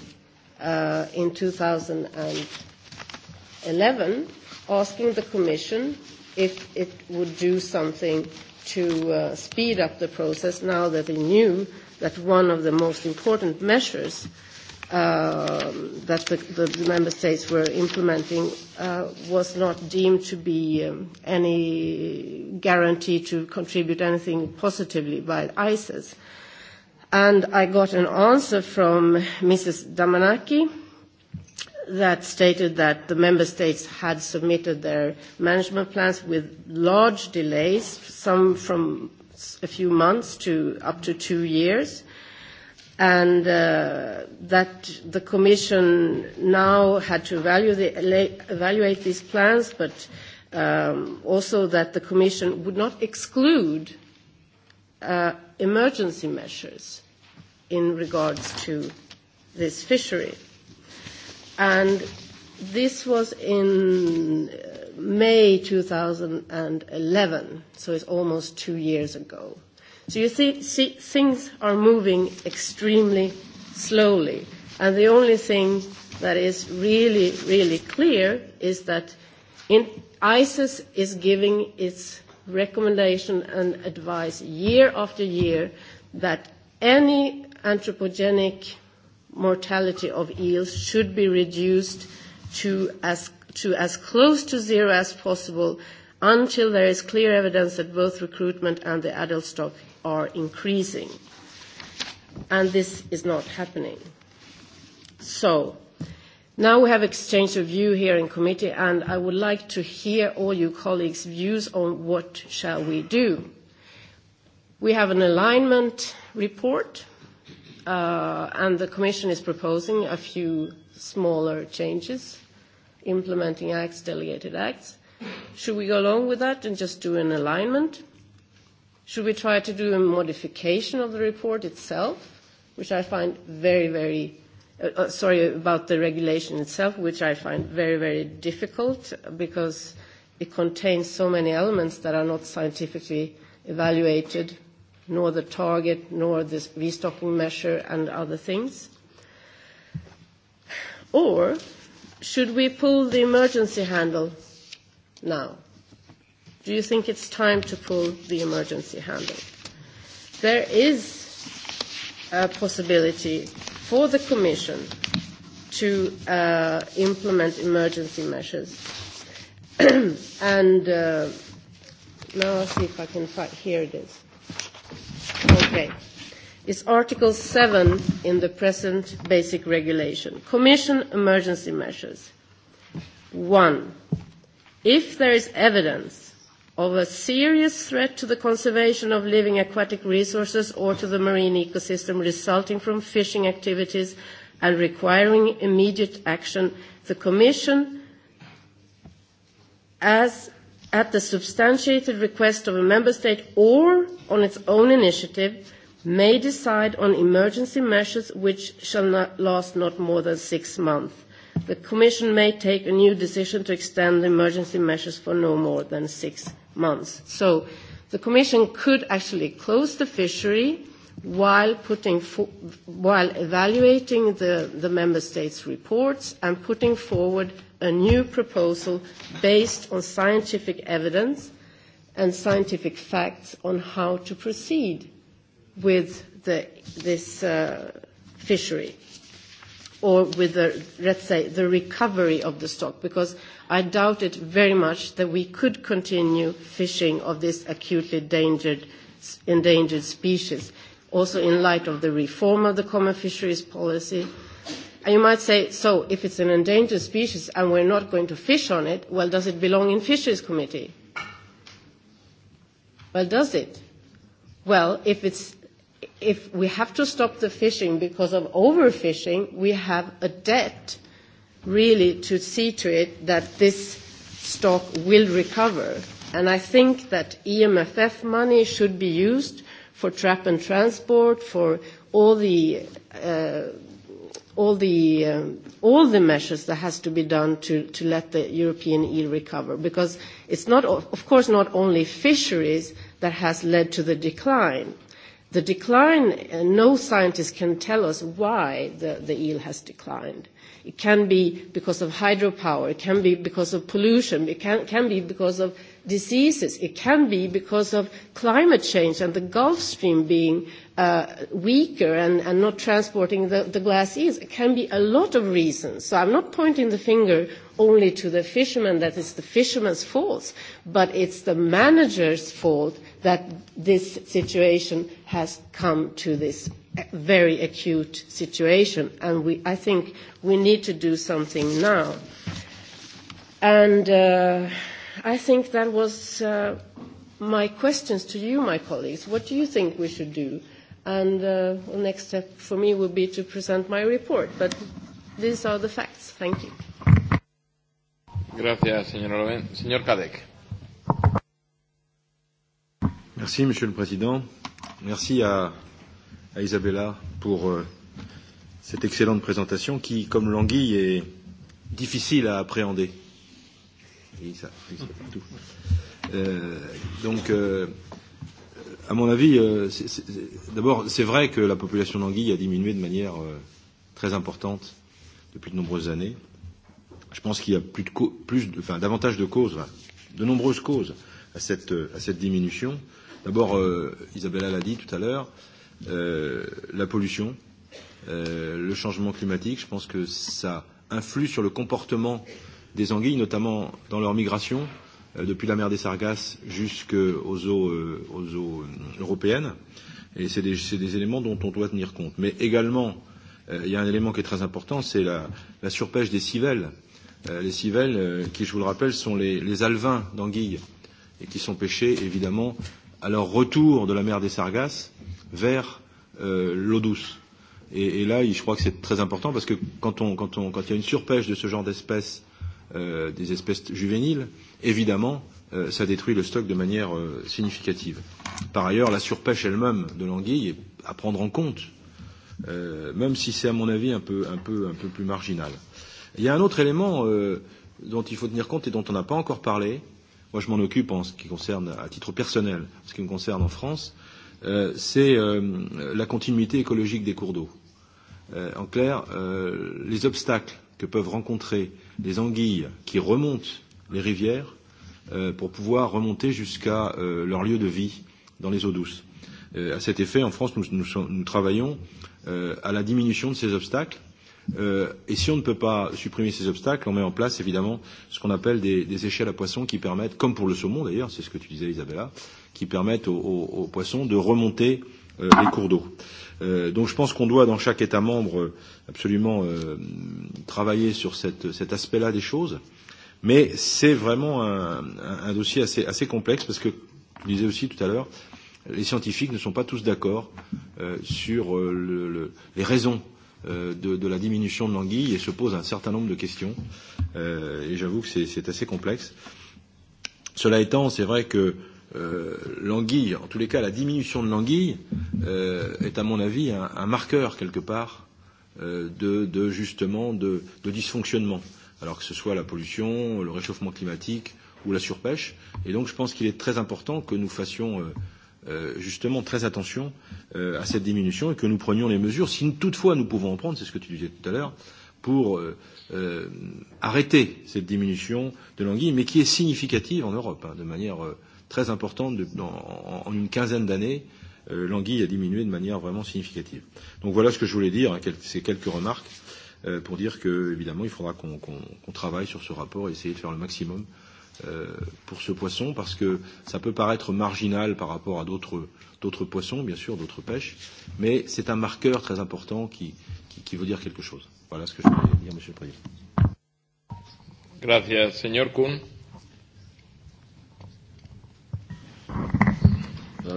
uh, in 2011 asking the Commission if it would do something to uh, speed up the process now that they knew that one of the most important measures uh, that the, the, the member states were implementing uh, was not deemed to be um, any guarantee to contribute anything positively by ISIS. And I got an answer from Mrs. Damanaki, that stated that the member states had submitted their management plans with large delays, some from a few months to up to two years, and uh, that the Commission now had to evaluate, the, evaluate these plans, but um, also that the Commission would not exclude uh, emergency measures in regards to this fishery. And this was in May 2011, so it's almost two years ago. So you see, see things are moving extremely slowly. And the only thing that is really, really clear is that in ISIS is giving its recommendation and advice year after year that any anthropogenic mortality of eels should be reduced to as, to as close to zero as possible until there is clear evidence that both recruitment and the adult stock are increasing. And this is not happening. So now we have exchanged a view here in committee, and I would like to hear all you colleagues' views on what shall we do. We have an alignment report uh, and the Commission is proposing a few smaller changes, implementing acts, delegated acts. Should we go along with that and just do an alignment? Should we try to do a modification of the report itself, which I find very, very, uh, sorry, about the regulation itself, which I find very, very difficult because it contains so many elements that are not scientifically evaluated nor the target, nor this restocking measure and other things? Or should we pull the emergency handle now? Do you think it's time to pull the emergency handle? There is a possibility for the Commission to uh, implement emergency measures. and uh, now I'll see if I can here hear this. Okay. It's Article 7 in the present basic regulation. Commission emergency measures. One, if there is evidence of a serious threat to the conservation of living aquatic resources or to the marine ecosystem resulting from fishing activities and requiring immediate action, the Commission, as at the substantiated request of a member state or on its own initiative may decide on emergency measures which shall not last not more than six months. The Commission may take a new decision to extend the emergency measures for no more than six months. So the Commission could actually close the fishery while, putting fo- while evaluating the, the Member States' reports and putting forward a new proposal based on scientific evidence and scientific facts on how to proceed with the, this uh, fishery or with the, let's say, the recovery of the stock, because I doubt it very much that we could continue fishing of this acutely endangered, endangered species, also in light of the reform of the common fisheries policy You might say, so if it's an endangered species and we're not going to fish on it, well, does it belong in Fisheries Committee? Well, does it? Well, if, it's, if we have to stop the fishing because of overfishing, we have a debt really to see to it that this stock will recover. And I think that EMFF money should be used for trap and transport, for all the uh, all the um all the measures that has to be done to to let the European eel recover because it's not of course not only fisheries that has led to the decline the decline no scientist can tell us why the, the eel has declined It can be because of hydropower. It can be because of pollution. It can, can be because of diseases. It can be because of climate change and the Gulf Stream being uh, weaker and, and not transporting the, the glass eels. It can be a lot of reasons. So I'm not pointing the finger only to the fishermen that it's the fishermen's fault, but it's the manager's fault that this situation has come to this very acute situation, and we, I think we need to do something now. And uh, I think that was uh, my questions to you, my colleagues. What do you think we should do? And uh, the next step for me would be to present my report, but these are the facts. Thank you. Gracias, señor Loven. Señor Cadec. Merci, Monsieur le Président. Merci à à Isabella pour cette excellente présentation qui, comme l'anguille, est difficile à appréhender. Et ça, oui, ça partout. Euh, donc, euh, à mon avis, euh, d'abord, c'est vrai que la population d'anguille a diminué de manière euh, très importante depuis de nombreuses années. Je pense qu'il y a plus de, plus de, enfin, davantage de causes, de nombreuses causes à cette, à cette diminution. D'abord, euh, Isabella l'a dit tout à l'heure, euh, la pollution, euh, le changement climatique. Je pense que ça influe sur le comportement des anguilles, notamment dans leur migration euh, depuis la mer des Sargasses jusqu'aux eaux, euh, aux eaux européennes. Et c'est des, des éléments dont on doit tenir compte. Mais également, euh, il y a un élément qui est très important, c'est la, la surpêche des civelles. Euh, les civelles, euh, qui, je vous le rappelle, sont les, les alevins d'anguilles et qui sont pêchés, évidemment, à leur retour de la mer des Sargasses vers euh, l'eau douce. Et, et là, je crois que c'est très important parce que quand, on, quand, on, quand il y a une surpêche de ce genre d'espèces, euh, des espèces juvéniles, évidemment, euh, ça détruit le stock de manière euh, significative. Par ailleurs, la surpêche elle-même de l'anguille est à prendre en compte, euh, même si c'est à mon avis un peu, un peu, un peu plus marginal. Il y a un autre élément euh, dont il faut tenir compte et dont on n'a pas encore parlé, Moi, je m'en occupe en ce qui concerne, à titre personnel, en ce qui me concerne en France, euh, c'est euh, la continuité écologique des cours d'eau. Euh, en clair, euh, les obstacles que peuvent rencontrer les anguilles qui remontent les rivières euh, pour pouvoir remonter jusqu'à euh, leur lieu de vie dans les eaux douces. Euh, à cet effet, en France, nous, nous, nous travaillons euh, à la diminution de ces obstacles Euh, et si on ne peut pas supprimer ces obstacles, on met en place évidemment ce qu'on appelle des, des échelles à poissons qui permettent, comme pour le saumon d'ailleurs, c'est ce que tu disais Isabella, qui permettent aux, aux, aux poissons de remonter euh, les cours d'eau. Euh, donc je pense qu'on doit dans chaque État membre absolument euh, travailler sur cette, cet aspect-là des choses. Mais c'est vraiment un, un, un dossier assez, assez complexe parce que, tu disais aussi tout à l'heure, les scientifiques ne sont pas tous d'accord euh, sur euh, le, le, les raisons de, de la diminution de l'anguille et se pose un certain nombre de questions. Euh, et j'avoue que c'est assez complexe. Cela étant, c'est vrai que euh, l'anguille, en tous les cas la diminution de l'anguille, euh, est à mon avis un, un marqueur quelque part euh, de, de justement de, de dysfonctionnement. Alors que ce soit la pollution, le réchauffement climatique ou la surpêche. Et donc je pense qu'il est très important que nous fassions euh, justement très attention euh, à cette diminution et que nous prenions les mesures, si toutefois nous pouvons en prendre, c'est ce que tu disais tout à l'heure, pour euh, euh, arrêter cette diminution de l'anguille, mais qui est significative en Europe, hein, de manière euh, très importante. De, dans, en, en une quinzaine d'années, euh, l'anguille a diminué de manière vraiment significative. Donc voilà ce que je voulais dire, hein, quel, ces quelques remarques, euh, pour dire que évidemment il faudra qu'on qu qu travaille sur ce rapport et essayer de faire le maximum euh, pour ce poisson parce que ça peut paraître marginal par rapport à d'autres poissons, bien sûr, d'autres pêches, mais c'est un marqueur très important qui, qui, qui veut dire quelque chose. Voilà ce que je voulais dire, Monsieur le Président. Gracias, señor Kuhn.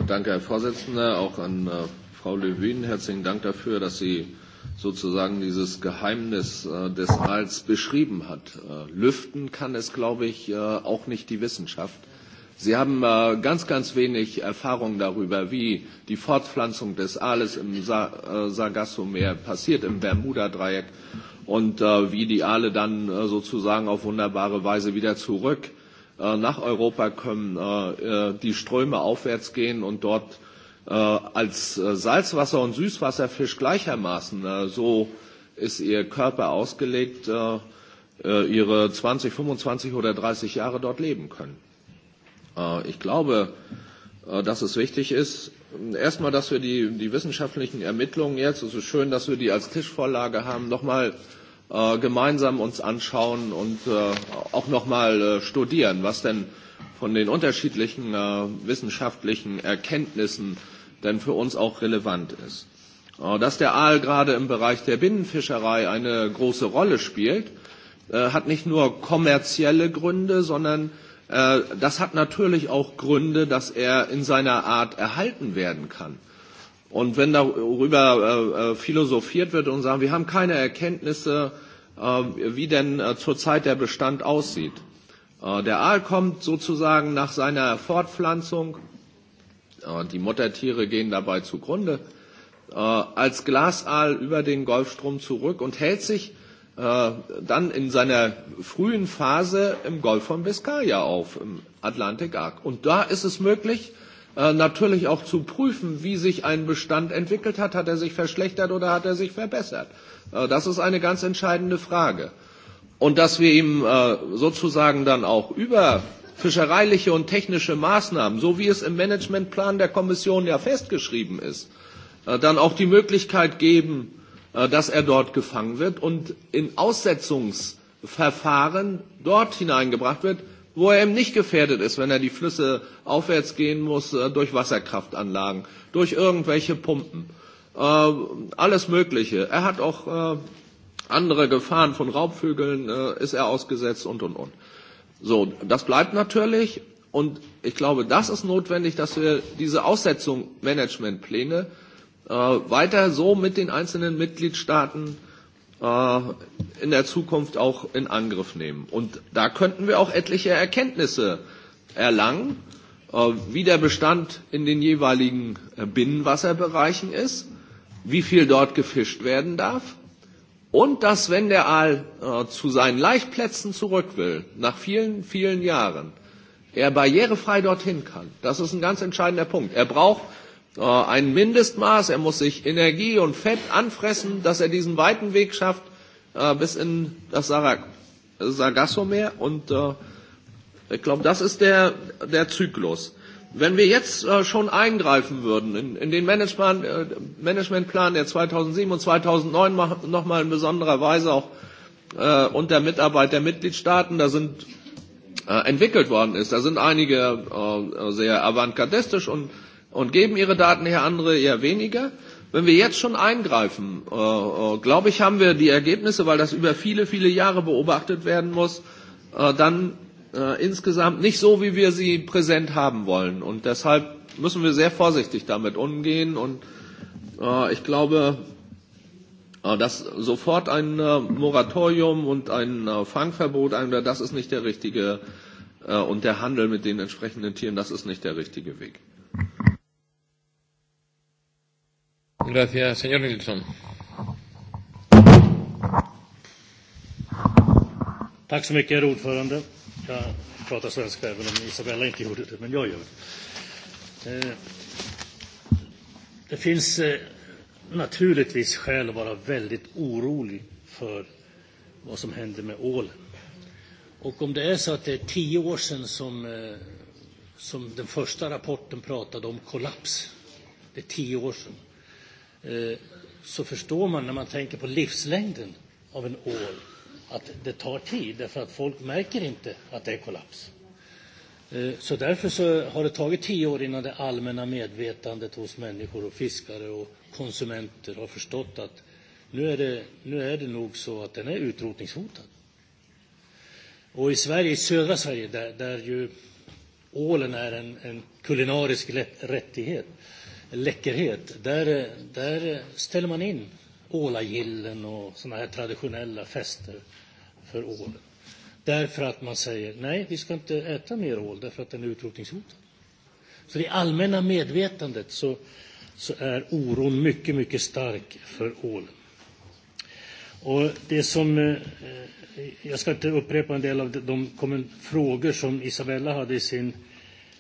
Danke, Herr Vorsitzender, auch an Frau Levin. Herzlichen Dank dafür, dass Sie sozusagen dieses Geheimnis des Aals beschrieben hat. Lüften kann es, glaube ich, auch nicht die Wissenschaft. Sie haben ganz, ganz wenig Erfahrung darüber, wie die Fortpflanzung des Aales im Sargassomeer passiert, im Bermuda-Dreieck, und wie die Aale dann sozusagen auf wunderbare Weise wieder zurück nach Europa kommen, die Ströme aufwärts gehen und dort als Salzwasser- und Süßwasserfisch gleichermaßen. so ist ihr Körper ausgelegt, ihre 20, 25 oder 30 Jahre dort leben können. ich glaube, dass es wichtig ist, erstmal, dass wir die, die wissenschaftlichen Ermittlungen jetzt, es ist schön, dass wir die als Tischvorlage haben, nochmal mal gemeinsam uns anschauen und auch nochmal mal studieren, was denn von den unterschiedlichen wissenschaftlichen Erkenntnissen denn für uns auch relevant ist. Dass der Aal gerade im Bereich der Binnenfischerei eine große Rolle spielt, hat nicht nur kommerzielle Gründe, sondern das hat natürlich auch Gründe, dass er in seiner Art erhalten werden kann. Und wenn darüber philosophiert wird und sagen, wir haben keine Erkenntnisse, wie denn zurzeit der Bestand aussieht. Der Aal kommt sozusagen nach seiner Fortpflanzung Und die Muttertiere gehen dabei zugrunde. Äh, als Glasaal über den Golfstrom zurück und hält sich äh, dann in seiner frühen Phase im Golf von Biscaya auf, im Atlantik Arc. Und da ist es möglich, äh, natürlich auch zu prüfen, wie sich ein Bestand entwickelt hat. Hat er sich verschlechtert oder hat er sich verbessert? Äh, das ist eine ganz entscheidende Frage. Und dass wir ihm äh, sozusagen dann auch über fischereiliche und technische Maßnahmen, so wie es im Managementplan der Kommission ja festgeschrieben ist, dann auch die Möglichkeit geben, dass er dort gefangen wird und in Aussetzungsverfahren dort hineingebracht wird, wo er eben nicht gefährdet ist, wenn er die Flüsse aufwärts gehen muss durch Wasserkraftanlagen, durch irgendwelche Pumpen, alles Mögliche. Er hat auch andere Gefahren von Raubvögeln, ist er ausgesetzt und und und. So, das bleibt natürlich. Und ich glaube, das ist notwendig, dass wir diese Aussetzung Managementpläne äh, weiter so mit den einzelnen Mitgliedstaaten äh, in der Zukunft auch in Angriff nehmen. Und da könnten wir auch etliche Erkenntnisse erlangen, äh, wie der Bestand in den jeweiligen Binnenwasserbereichen ist, wie viel dort gefischt werden darf Und dass, wenn der Aal äh, zu seinen Laichplätzen zurück will, nach vielen, vielen Jahren, er barrierefrei dorthin kann. Das ist ein ganz entscheidender Punkt. Er braucht äh, ein Mindestmaß, er muss sich Energie und Fett anfressen, dass er diesen weiten Weg schafft äh, bis in das Sarag Sargassomeer. Und äh, ich glaube, das ist der, der Zyklus. Wenn wir jetzt schon eingreifen würden, in den Managementplan, der 2007 und 2009 nochmal in besonderer Weise auch unter Mitarbeit der Mitgliedstaaten, da sind entwickelt worden ist. Da sind einige sehr avantgardistisch und, und geben ihre Daten her, andere eher weniger. Wenn wir jetzt schon eingreifen, glaube ich, haben wir die Ergebnisse, weil das über viele, viele Jahre beobachtet werden muss, dann äh, insgesamt nicht so, wie wir sie präsent haben wollen. Und deshalb müssen wir sehr vorsichtig damit umgehen. Und äh, ich glaube, äh, dass sofort ein äh, Moratorium und ein äh, Fangverbot, das ist nicht der richtige, äh, und der Handel mit den entsprechenden Tieren, das ist nicht der richtige Weg. Gracias, señor Nilsson. Tack så mycket, herr ordförande ska prata svenska även om Isabella inte gjorde det, men jag gör det. Det finns naturligtvis skäl att vara väldigt orolig för vad som händer med ålen. Och om det är så att det är tio år sedan som, som den första rapporten pratade om kollaps, det är tio år sedan, så förstår man när man tänker på livslängden av en ål att det tar tid därför att folk märker inte att det är kollaps. Så därför så har det tagit tio år innan det allmänna medvetandet hos människor och fiskare och konsumenter har förstått att nu är det, nu är det nog så att den är utrotningshotad. Och i Sverige, i södra Sverige, där, där ju ålen är en, en kulinarisk rättighet, läckerhet, där, där ställer man in ålagillen och sådana här traditionella fester för ål. Därför att man säger nej, vi ska inte äta mer ål därför att den är utrotningshotad. Så i det allmänna medvetandet så, så är oron mycket, mycket stark för ålen. Och det som, jag ska inte upprepa en del av de frågor som Isabella hade i sin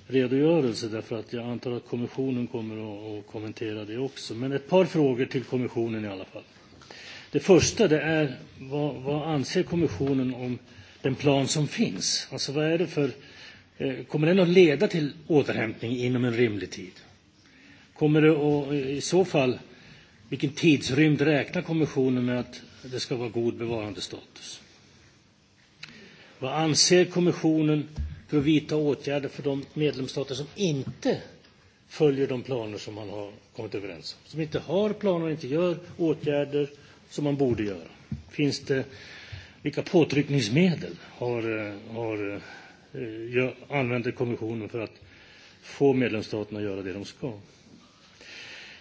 redogörelse därför att jag antar att kommissionen kommer att kommentera det också. Men ett par frågor till kommissionen i alla fall. Det första det är vad, vad anser kommissionen om den plan som finns? Alltså vad är det för, kommer den att leda till återhämtning inom en rimlig tid? Kommer det att, i så fall, vilken tidsrymd räknar kommissionen med att det ska vara god bevarandestatus? Vad anser kommissionen för att vidta åtgärder för de medlemsstater som inte följer de planer som man har kommit överens om. Som inte har planer och inte gör åtgärder som man borde göra. Finns det, vilka påtryckningsmedel har, har, använder kommissionen för att få medlemsstaterna att göra det de ska?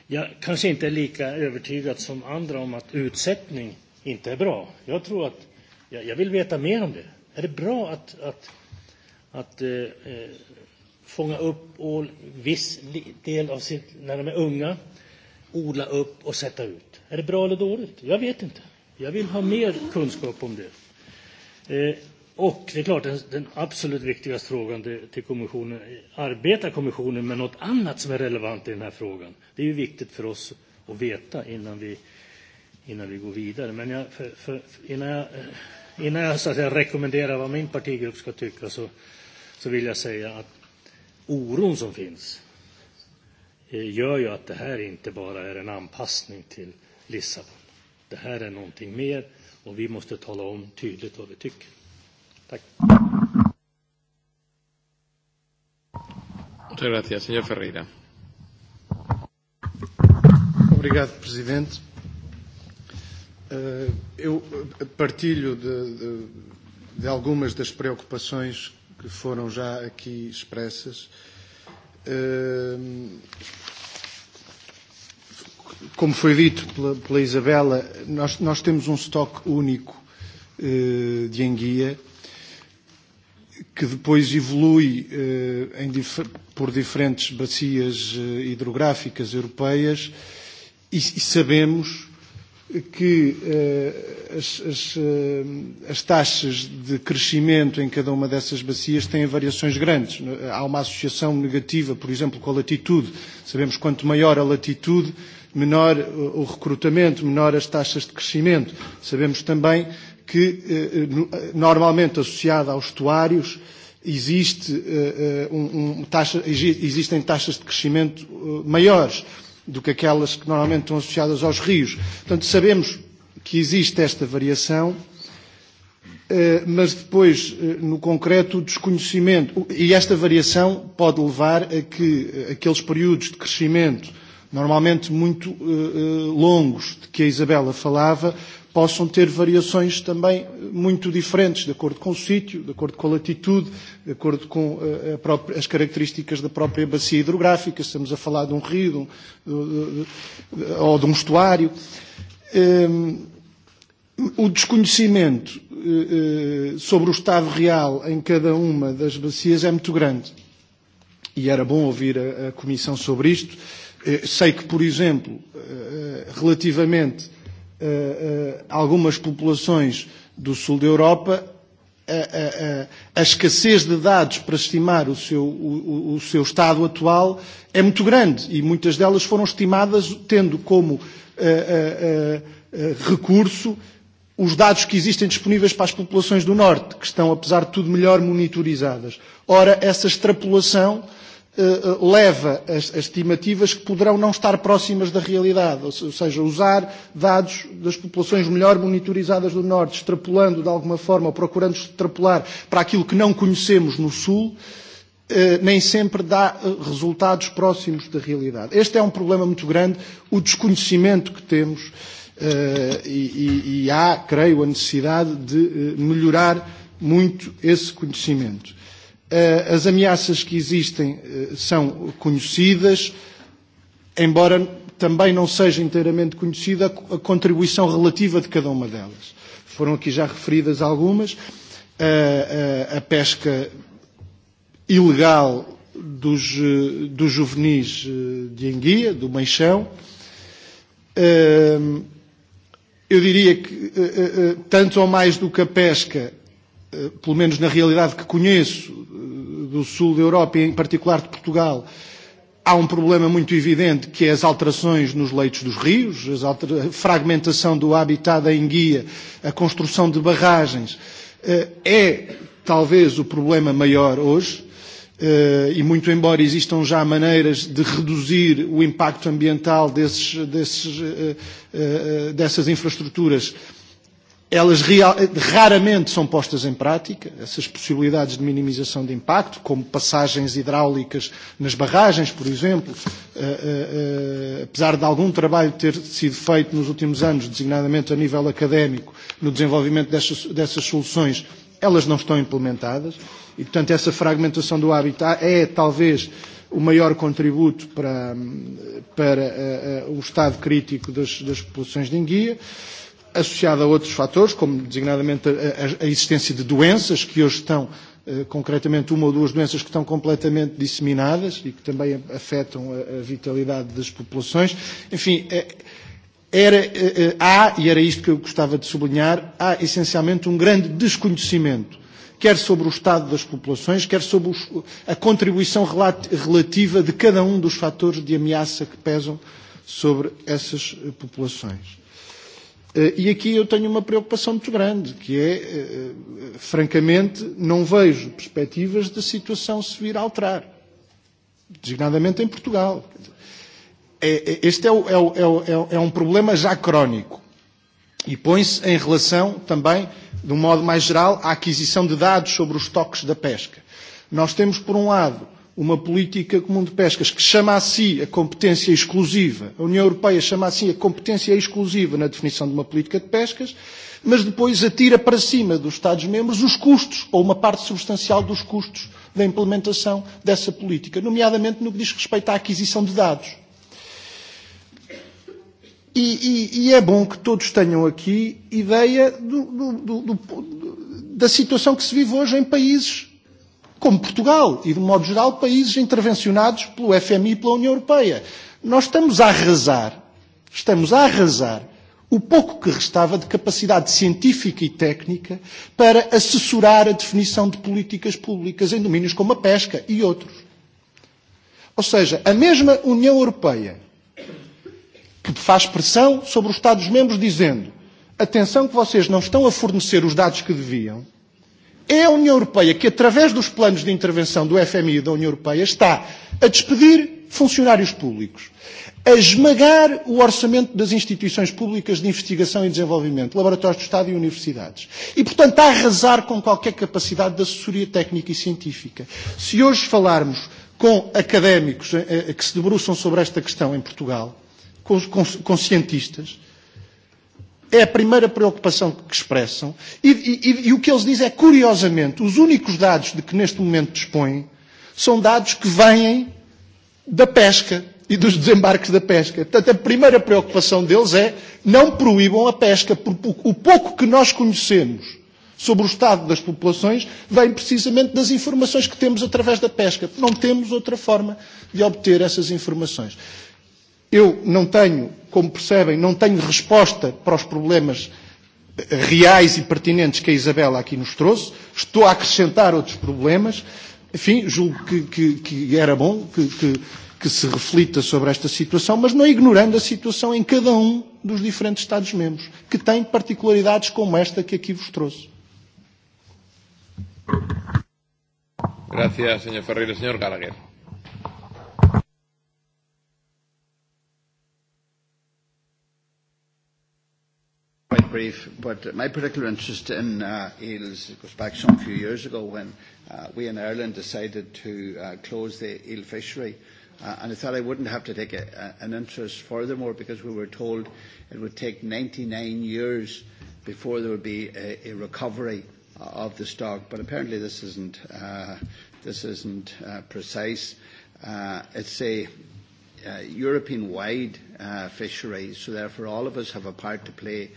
Jag kanske inte är lika övertygad som andra om att utsättning inte är bra. Jag tror att, jag vill veta mer om det. Är det bra att, att att eh, fånga upp ål viss del av sitt, när de är unga, odla upp och sätta ut. Är det bra eller dåligt? Jag vet inte. Jag vill ha mer kunskap om det. Eh, och det är klart, den, den absolut viktigaste frågan till, till kommissionen, arbetar kommissionen med något annat som är relevant i den här frågan? Det är ju viktigt för oss att veta innan vi, innan vi går vidare. Men jag, för, för, innan jag, innan jag så att säga, rekommenderar vad min partigrupp ska tycka så så vill jag säga att oron som finns gör ju att det här inte bara är en anpassning till Lissabon. Det här är någonting mer och vi måste tala om tydligt vad vi tycker. Tack. Muchas gracias, señor Ferreira. Obrigado, Presidente. Eu partilho de, de, de algumas das preocupações que foram já aqui expressas. Como foi dito pela, pela Isabela, nós, nós temos um estoque único de enguia que depois evolui em, por diferentes bacias hidrográficas europeias e, e sabemos que uh, as, as, uh, as taxas de crescimento em cada uma dessas bacias têm variações grandes. Há uma associação negativa, por exemplo, com a latitude. Sabemos que quanto maior a latitude, menor o recrutamento, menor as taxas de crescimento. Sabemos também que, eh, normalmente associada aos estuários, existe, eh, um, um, taxa, existem taxas de crescimento eh, maiores do que aquelas que normalmente estão associadas aos rios. Portanto, sabemos que existe esta variação, mas depois, no concreto, o desconhecimento. E esta variação pode levar a que aqueles períodos de crescimento, normalmente muito longos, de que a Isabela falava, possam ter variações também muito diferentes, de acordo com o sítio, de acordo com a latitude, de acordo com a própria, as características da própria bacia hidrográfica, se estamos a falar de um rio de um, de, de, ou de um estuário. Um, o desconhecimento uh, sobre o estado real em cada uma das bacias é muito grande. E era bom ouvir a, a Comissão sobre isto. Sei que, por exemplo, relativamente algumas populações do sul da Europa a, a, a escassez de dados para estimar o seu, o, o seu estado atual é muito grande e muitas delas foram estimadas tendo como uh, uh, uh, recurso os dados que existem disponíveis para as populações do Norte, que estão, apesar de tudo, melhor monitorizadas. Ora, essa extrapolação uh, leva as, estimativas que poderão não estar próximas da realidade, ou seja, usar dados das populações melhor monitorizadas do Norte, extrapolando de alguma forma, ou procurando extrapolar para aquilo que não conhecemos no Sul, nem sempre dá resultados próximos da realidade. Este é um problema muito grande, o desconhecimento que temos e, e, e há, creio, a necessidade de melhorar muito esse conhecimento. As ameaças que existem são conhecidas, embora também não seja inteiramente conhecida a contribuição relativa de cada uma delas. Foram aqui já referidas algumas. A, a, a pesca ilegal dos, dos juvenis de enguia, do meixão. Eu diria que, tanto ou mais do que a pesca, pelo menos na realidade que conheço, do sul da Europa e em particular de Portugal, há um problema muito evidente que é as alterações nos leitos dos rios, a fragmentação do habitat da enguia, a construção de barragens. É talvez o problema maior hoje e muito embora existam já maneiras de reduzir o impacto ambiental desses, desses, dessas infraestruturas elas raramente são postas em prática, essas possibilidades de minimização de impacto, como passagens hidráulicas nas barragens, por exemplo, apesar de algum trabalho ter sido feito nos últimos anos, designadamente a nível académico, no desenvolvimento dessas, dessas soluções, elas não estão implementadas e, portanto, essa fragmentação do habitat é talvez o maior contributo para, para uh, uh, o estado crítico das, das populações de enguia. Uh, associada a outros fatores, como designadamente a, existência de doenças, que hoje estão, concretamente uma ou duas doenças que estão completamente disseminadas e que também afetam a, vitalidade das populações. Enfim, era, há, e era isto que eu gostava de sublinhar, há essencialmente um grande desconhecimento quer sobre o estado das populações, quer sobre os, a contribuição relativa de cada um dos fatores de ameaça que pesam sobre essas populações. E aqui eu tenho uma preocupação muito grande, que é, francamente, não vejo perspectivas da situação se vir a alterar, designadamente em Portugal. Este é, o, é, o, é, o, é um problema já crónico e põe-se em relação também, de um modo mais geral, à aquisição de dados sobre os toques da pesca. Nós temos, por um lado, uma política comum de pescas que chama a si a competência exclusiva, a União Europeia chama a si a competência exclusiva na definição de uma política de pescas, mas depois atira para cima dos Estados-membros os custos, ou uma parte substancial dos custos da implementação dessa política, nomeadamente no que diz respeito à aquisição de dados. E, e, e é bom que todos tenham aqui ideia do, do, do, do, da situação que se vive hoje em países como Portugal e, de modo geral, países intervencionados pelo FMI e pela União Europeia. Nós estamos a arrasar, estamos a arrasar o pouco que restava de capacidade científica e técnica para assessorar a definição de políticas públicas em domínios como a pesca e outros. Ou seja, a mesma União Europeia que faz pressão sobre os Estados-membros dizendo atenção que vocês não estão a fornecer os dados que deviam, É a União Europeia que, através dos planos de intervenção do FMI e da União Europeia, está a despedir funcionários públicos, a esmagar o orçamento das instituições públicas de investigação e desenvolvimento, laboratórios do Estado e universidades. E, portanto, a arrasar com qualquer capacidade de assessoria técnica e científica. Se hoje falarmos com académicos que se debruçam sobre esta questão em Portugal, com, com, com cientistas, É a primeira preocupação que expressam. E, e, e o que eles dizem é, curiosamente, os únicos dados de que neste momento dispõem são dados que vêm da pesca e dos desembarques da pesca. Portanto, a primeira preocupação deles é não proíbam a pesca, porque o pouco que nós conhecemos sobre o estado das populações vem precisamente das informações que temos através da pesca. Não temos outra forma de obter essas informações. Eu não tenho, como percebem, não tenho resposta para os problemas reais e pertinentes que a Isabela aqui nos trouxe. Estou a acrescentar outros problemas. Enfim, julgo que, que, que era bom que, que, que se reflita sobre esta situação, mas não ignorando a situação em cada um dos diferentes Estados-membros, que tem particularidades como esta que aqui vos trouxe. Gracias, señor Ferreira. Señor Gallagher. quite brief, but my particular interest in uh, eels goes back some few years ago when uh, we in Ireland decided to uh, close the eel fishery. Uh, and I thought I wouldn't have to take a, a, an interest furthermore because we were told it would take 99 years before there would be a, a recovery of the stock. But apparently this isn't, uh, this isn't uh, precise. Uh, it's a uh, European-wide uh, fisheries, so therefore all of us have a part to play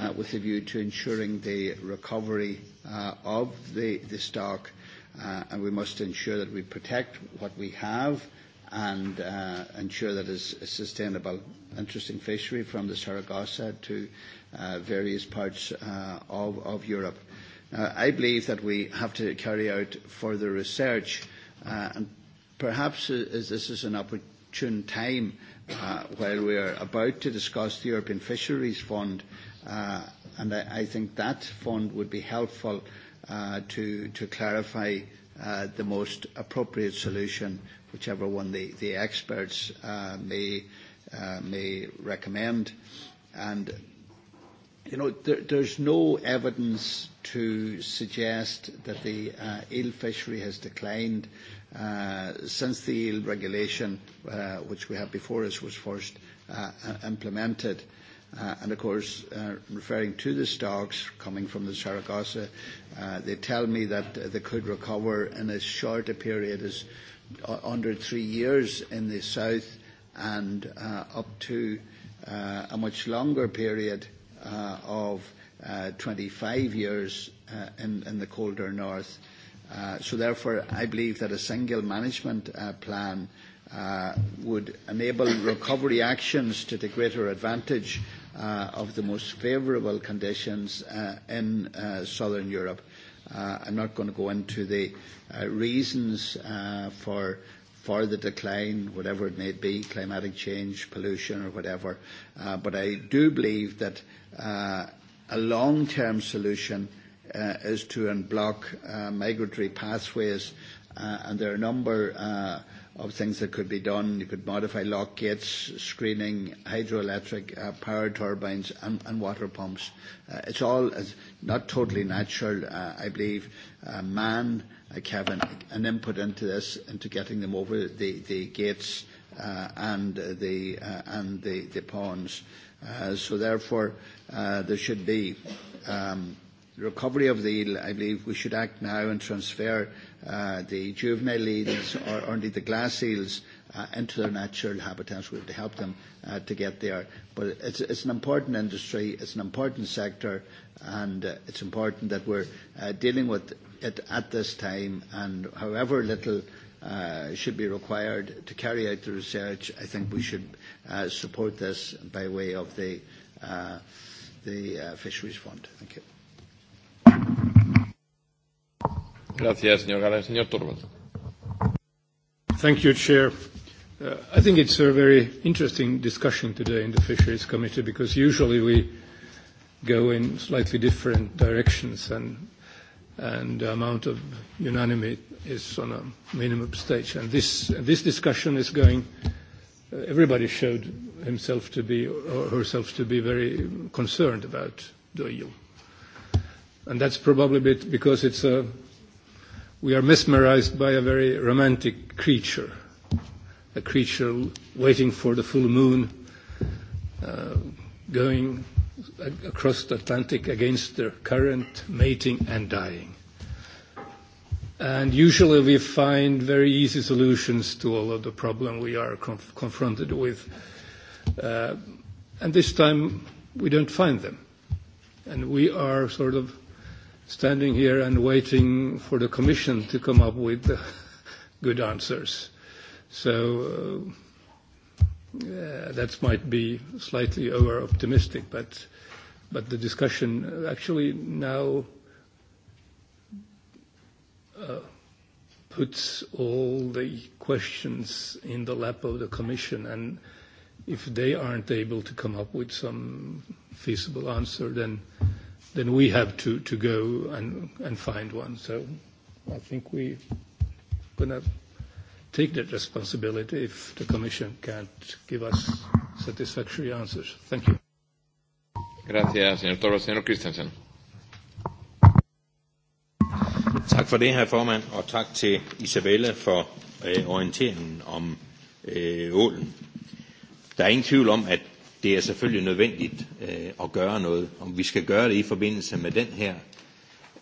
uh, with a view to ensuring the recovery uh, of the, the stock, uh, and we must ensure that we protect what we have and uh, ensure that it's a sustainable, interesting fishery from the Saragossa to uh, various parts uh, of, of Europe. Now, I believe that we have to carry out further research, uh, and perhaps is, this is an opportunity opportune time uh, while we are about to discuss the European Fisheries Fund, uh, and I, I think that fund would be helpful uh, to, to clarify uh, the most appropriate solution, whichever one the, the experts uh, may, uh, may recommend. And you know, there, there's no evidence to suggest that the uh, eel fishery has declined. Uh, since the yield regulation, uh, which we have before us, was first uh, implemented. Uh, and of course, uh, referring to the stocks coming from the Saragossa, uh, they tell me that they could recover in as short a period as under three years in the south and uh, up to uh, a much longer period uh, of uh, 25 years uh, in, in the colder north so therefore, I believe that a single management uh, plan uh, would enable recovery actions to the greater advantage uh, of the most favourable conditions uh, in uh, southern Europe. Uh, I'm not going to go into the uh, reasons uh, for for the decline, whatever it may be, climatic change, pollution, or whatever. Uh, but I do believe that uh, a long-term solution uh, uh, is to unblock uh, migratory pathways, uh, and there are a number uh, of things that could be done. You could modify lock gates, screening, hydroelectric uh, power turbines, and, and water pumps. Uh, it's all it's not totally natural, uh, I believe. Uh, man, uh, Kevin, an input into this, into getting them over the, the gates uh, and the uh, and the, the ponds. Uh, so therefore, uh, there should be. Um, recovery of the, eel, I believe we should act now and transfer uh, the juvenile eels or, or indeed the glass eels uh, into their natural habitats to help them uh, to get there. But it's, it's an important industry, it's an important sector, and uh, it's important that we're uh, dealing with it at this time. And however little uh, should be required to carry out the research, I think we should uh, support this by way of the, uh, the uh, Fisheries Fund. Thank you. Gracias, señor Gala. Señor Thank you, Chair. Uh, I think it's a very interesting discussion today in the Fisheries Committee because usually we go in slightly different directions and and the amount of unanimity is on a minimum stage. And this, this discussion is going, everybody showed himself to be, or herself to be very concerned about the EU. And that's probably because it's a we are mesmerized by a very romantic creature, a creature waiting for the full moon, uh, going across the Atlantic against the current, mating and dying. And usually we find very easy solutions to all of the problem we are conf- confronted with. Uh, and this time we don't find them. And we are sort of standing here and waiting for the Commission to come up with the good answers. So uh that might be slightly over-optimistic, but but the discussion actually now uh puts all the questions in the lap of the Commission, and if they aren't able to come up with some feasible answer, then then we have to, to go and, and find one. So I think we're going to take that responsibility if the Commission can't give us satisfactory answers. Thank you. Gracias, señor Toro. Señor Christensen. Tak for det, herr formand, og tak til Isabella for øh, orienteringen om øh, ålen. Der er ingen tvivl om, at det er selvfølgelig nødvendigt øh, at gøre noget. Om vi skal gøre det i forbindelse med den her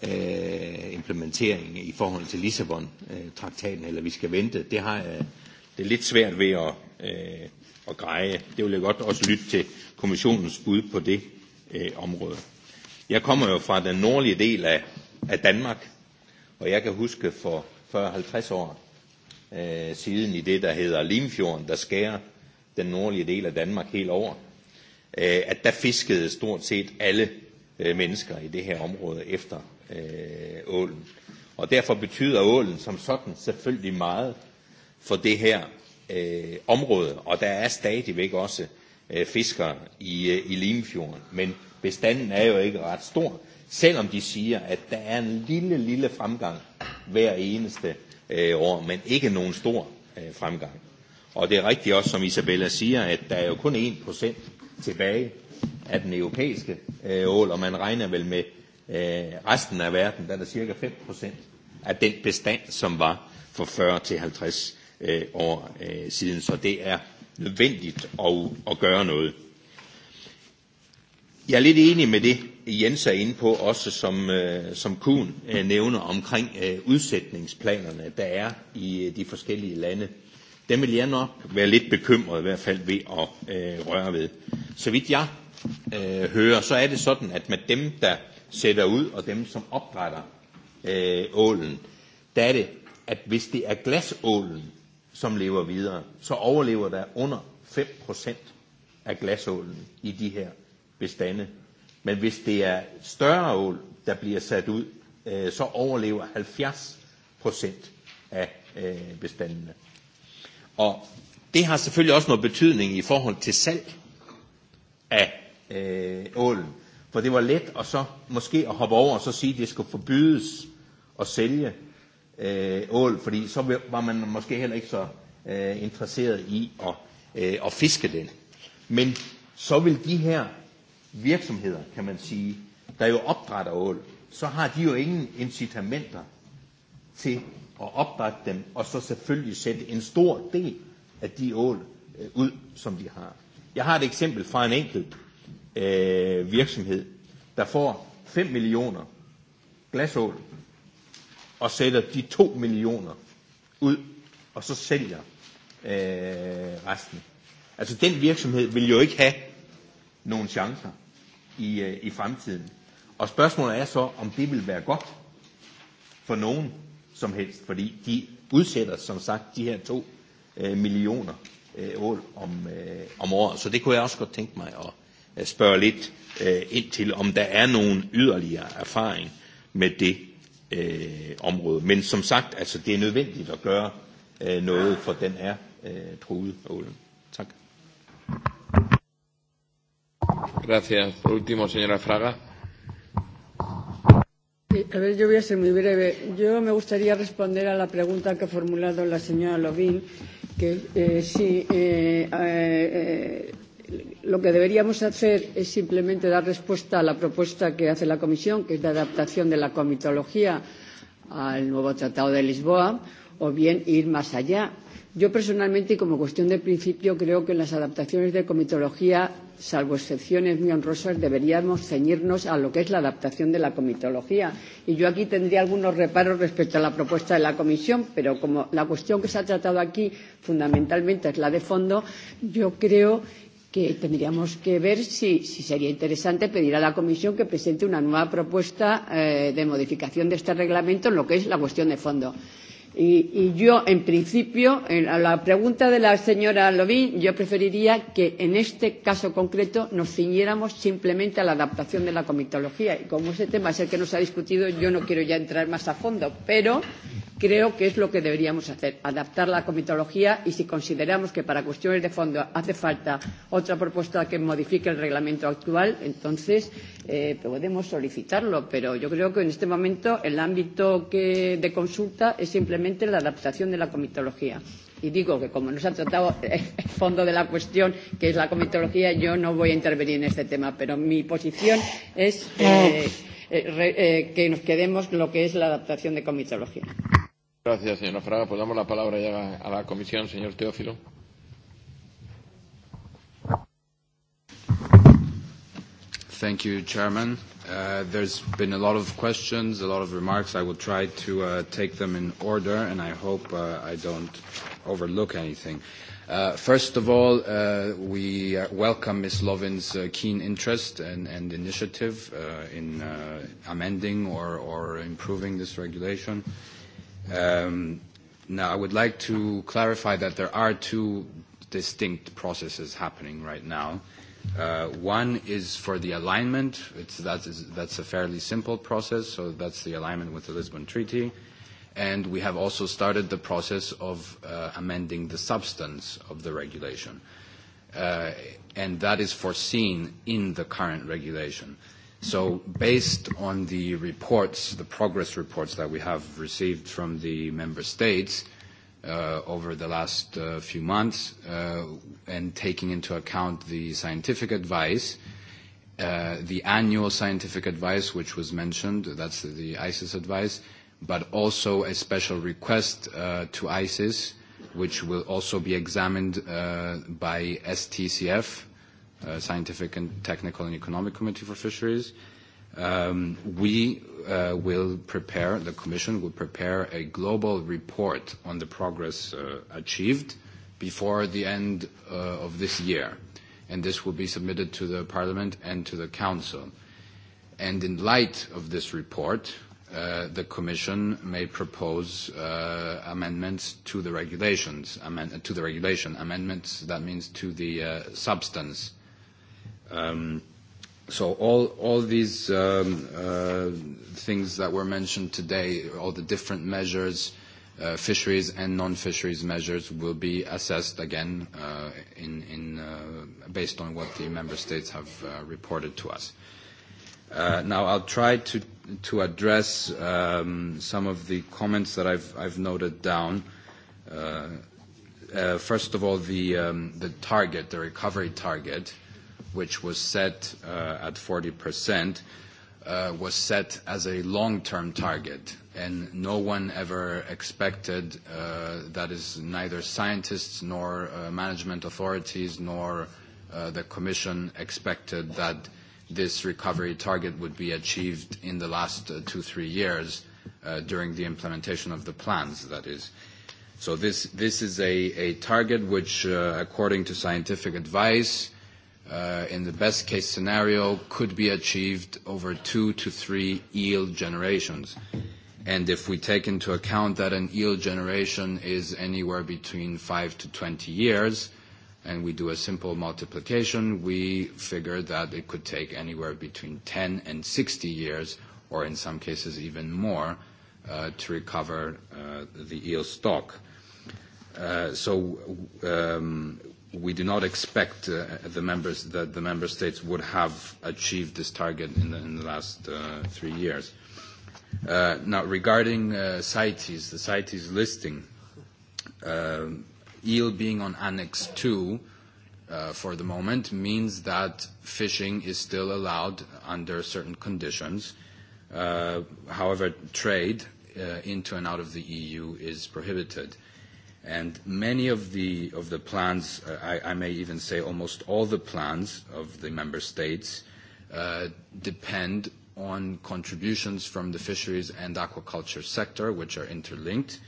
øh, implementering i forhold til Lissabon-traktaten, eller vi skal vente, det har jeg det er lidt svært ved at, øh, at greje. Det vil jeg godt også lytte til kommissionens bud på det øh, område. Jeg kommer jo fra den nordlige del af, af Danmark, og jeg kan huske for 40-50 år øh, siden i det, der hedder Limfjorden, der skærer den nordlige del af Danmark helt over at der fiskede stort set alle mennesker i det her område efter ålen. Og derfor betyder ålen som sådan selvfølgelig meget for det her øh, område, og der er stadigvæk også øh, fiskere i, øh, i Limfjorden. Men bestanden er jo ikke ret stor, selvom de siger, at der er en lille, lille fremgang hver eneste øh, år, men ikke nogen stor øh, fremgang. Og det er rigtigt også, som Isabella siger, at der er jo kun 1 procent tilbage af den europæiske øh, ål, og man regner vel med øh, resten af verden, der er der cirka 5 procent af den bestand, som var for 40 til 50 øh, år øh, siden. Så det er nødvendigt at, at gøre noget. Jeg er lidt enig med det, Jens er inde på, også som, øh, som Kuhn øh, nævner omkring øh, udsætningsplanerne, der er i øh, de forskellige lande dem vil jeg nok være lidt bekymret i hvert fald ved at øh, røre ved. Så vidt jeg øh, hører, så er det sådan, at med dem, der sætter ud, og dem, som opdrætter øh, ålen, der er det, at hvis det er glasålen, som lever videre, så overlever der under 5% af glasålen i de her bestande. Men hvis det er større ål, der bliver sat ud, øh, så overlever 70% af øh, bestandene. Og det har selvfølgelig også noget betydning i forhold til salg af øh, ålen. For det var let at så måske at hoppe over og så sige, at det skulle forbydes at sælge øh, ål, fordi så var man måske heller ikke så øh, interesseret i at, øh, at fiske den. Men så vil de her virksomheder, kan man sige, der jo opdrætter ål, så har de jo ingen incitamenter til og opbakke dem, og så selvfølgelig sætte en stor del af de ål øh, ud, som de har. Jeg har et eksempel fra en enkelt øh, virksomhed, der får 5 millioner glasål og sætter de 2 millioner ud, og så sælger øh, resten. Altså den virksomhed vil jo ikke have nogen chancer i, øh, i fremtiden. Og spørgsmålet er så, om det vil være godt for nogen, som helst, fordi de udsætter som sagt de her to millioner ål om, om året. Så det kunne jeg også godt tænke mig at spørge lidt ind til, om der er nogen yderligere erfaring med det øh, område. Men som sagt, altså, det er nødvendigt at gøre øh, noget, for den er øh, truet, ålen. Tak. Gracias. Por último, señora Fraga a ver, yo voy a ser muy breve. Yo me gustaría responder a la pregunta que ha formulado la señora Lovín, que eh, sí, eh, eh, lo que deberíamos hacer es simplemente dar respuesta a la propuesta que hace la Comisión, que es de adaptación de la comitología al nuevo Tratado de Lisboa, o bien ir más allá Yo personalmente, como cuestión de principio, creo que en las adaptaciones de comitología, salvo excepciones muy honrosas, deberíamos ceñirnos a lo que es la adaptación de la comitología. Y yo aquí tendría algunos reparos respecto a la propuesta de la Comisión, pero como la cuestión que se ha tratado aquí fundamentalmente es la de fondo, yo creo que tendríamos que ver si, si sería interesante pedir a la Comisión que presente una nueva propuesta eh, de modificación de este reglamento en lo que es la cuestión de fondo. Y, y yo, en principio, en a la pregunta de la señora Lovín, yo preferiría que en este caso concreto nos ciñéramos simplemente a la adaptación de la comitología. Y como ese tema es el que nos ha discutido, yo no quiero ya entrar más a fondo. Pero creo que es lo que deberíamos hacer, adaptar la comitología y si consideramos que para cuestiones de fondo hace falta otra propuesta que modifique el reglamento actual, entonces eh, podemos solicitarlo, pero yo creo que en este momento el ámbito que, de consulta es simplemente la adaptación de la comitología. Y digo que como no se ha tratado el fondo de la cuestión, que es la comitología, yo no voy a intervenir en este tema, pero mi posición es eh, eh, eh, que nos quedemos lo que es la adaptación de comitología. Gracias, señora Fraga. Pues damos la palabra ya a la comisión, señor Teófilo. Thank you, Chairman. Uh, there's been a lot of questions, a lot of remarks. I will try to uh, take them in order, and I hope uh, I don't overlook anything. Uh, first of all, uh, we welcome Ms. Lovin's uh, keen interest and, and initiative uh, in uh, amending or, or improving this regulation. Uh, Now, I would like to clarify that there are two distinct processes happening right now. One is for the alignment. It's That's a fairly simple process, so that's the alignment with the Lisbon Treaty. And we have also started the process of amending the substance of the regulation. And that is foreseen in the current regulation. So based on the reports, the progress reports that we have received from the member states over the last uh, few months, and taking into account the scientific advice, uh, the annual scientific advice, which was mentioned, that's the ISIS advice, but also a special request uh, to ISIS, which will also be examined uh, by STCF, uh, Scientific and Technical and Economic Committee for Fisheries. Um, we uh, will prepare, the Commission will prepare a global report on the progress uh, achieved before the end uh, of this year. And this will be submitted to the Parliament and to the Council. And in light of this report, uh, the Commission may propose uh, amendments to the regulations, amend- to the regulation amendments. That means to the uh, substance Um, so all, all these um, things that were mentioned today, all the different measures, uh, fisheries and non-fisheries measures will be assessed again uh, in, in, uh, based on what the member states have uh, reported to us. Uh, now I'll try to, to address um, some of the comments that I've, I've noted down. Uh, uh, first of all, the, um, the target, the recovery target which was set at 40%, was set as a long-term target, and no one ever expected, that is neither scientists nor management authorities nor the commission expected that this recovery target would be achieved in the last two, three years, during the implementation of the plans, that is. So This is a target which, according to scientific advice, in the best case scenario, could be achieved over two to three yield generations. And If we take into account that an yield generation is anywhere between five to 20 years, and we do a simple multiplication, we figure that it could take anywhere between 10 and 60 years, or in some cases even more, to recover the yield stock. So we do not expect uh, the members that the member states would have achieved this target in the, in the last uh, three years. Uh, now, regarding uh, CITES, the CITES listing, uh, eel being on Annex II uh, for the moment means that fishing is still allowed under certain conditions. Uh, however, trade uh, into and out of the EU is prohibited. And many of the, of the plans, uh, I, I may even say almost all the plans of the member states uh, depend on contributions from the fisheries and aquaculture sector, which are interlinked,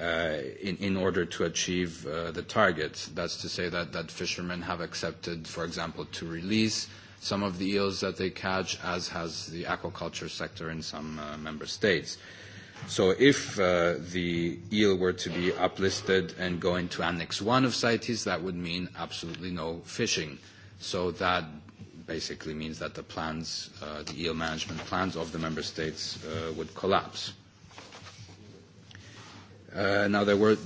uh, in, in order to achieve uh, the targets. That's to say that, that fishermen have accepted, for example, to release some of the eels that they catch, as has the aquaculture sector in some uh, member states. Uh, So if the eel were to be uplisted and go into Annex 1 of CITES, that would mean absolutely no fishing. So that basically means that the plans, the eel management plans of the member states would collapse. now there were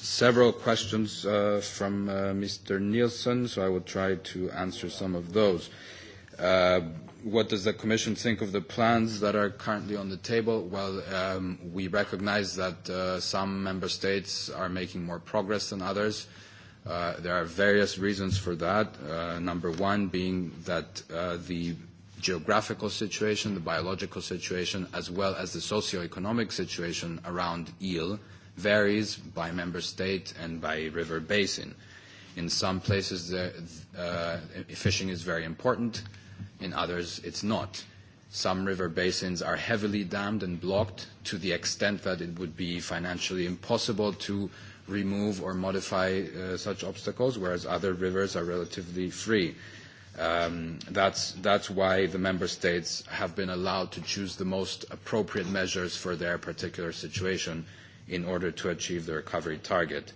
several questions from Mr. Nielsen, so I will try to answer some of those what does the Commission think of the plans that are currently on the table? Well, um, we recognize that uh, some member states are making more progress than others. Uh, there are various reasons for that. Uh, number one being that uh, the geographical situation, the biological situation, as well as the socioeconomic situation around eel varies by member state and by river basin. In some places, the, uh, fishing is very important In others, it's not. Some river basins are heavily dammed and blocked to the extent that it would be financially impossible to remove or modify uh, such obstacles, whereas other rivers are relatively free. Um, that's, that's why the member states have been allowed to choose the most appropriate measures for their particular situation in order to achieve the recovery target,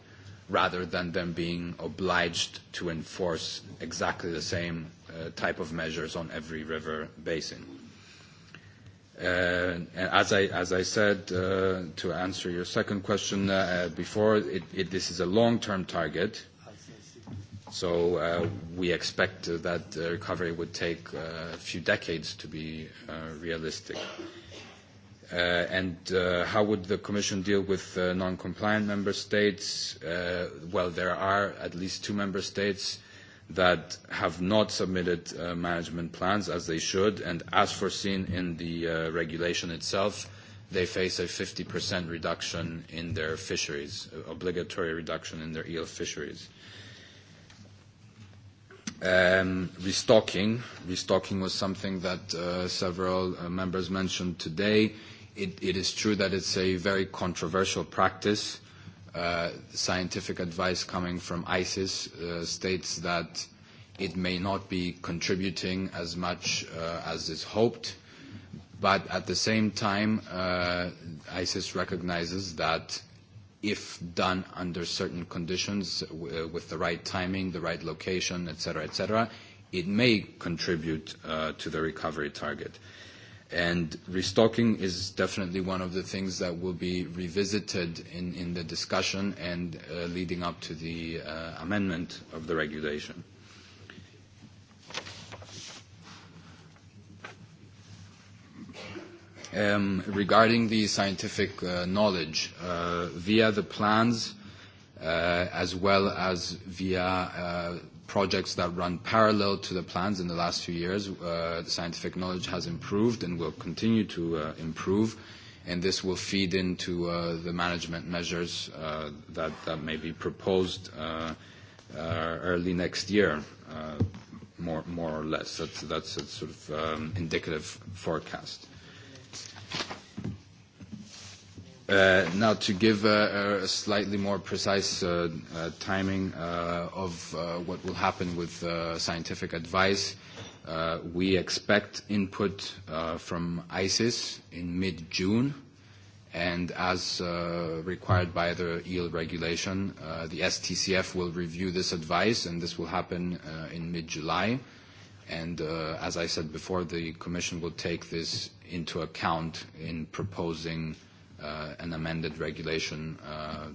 rather than them being obliged to enforce exactly the same type of measures on every river basin. As I said, to answer your second question before, this is a long-term target. So we expect that the recovery would take a few decades to be realistic. And how would the Commission deal with non-compliant member states? Well, there are at least two member states that have not submitted management plans as they should, and as foreseen in the regulation itself, they face a 50% reduction in their fisheries, obligatory reduction in their eel fisheries. Restocking. Restocking was something that several members mentioned today. It is true that it's a very controversial practice uh, scientific advice coming from ISIS uh, states that it may not be contributing as much uh, as is hoped, but at the same time, uh, ISIS recognizes that if done under certain conditions, w- with the right timing, the right location, et cetera, it may contribute uh, to the recovery target. Uh, And restocking is definitely one of the things that will be revisited in, in the discussion and leading up to the amendment of the regulation. regarding the scientific knowledge, via the plans, uh, as well as via uh, projects that run parallel to the plans in the last few years. The scientific knowledge has improved and will continue to improve, and this will feed into the management measures that may be proposed early next year, more or less. That's a sort of indicative forecast. Now, to give a slightly more precise timing of what will happen with scientific advice, we expect input from ICIS in mid-June, and as required by the EU regulation, the STCF will review this advice, and this will happen in mid-July. And as I said before, the commission will take this into account in proposing uh, an amended regulation uh,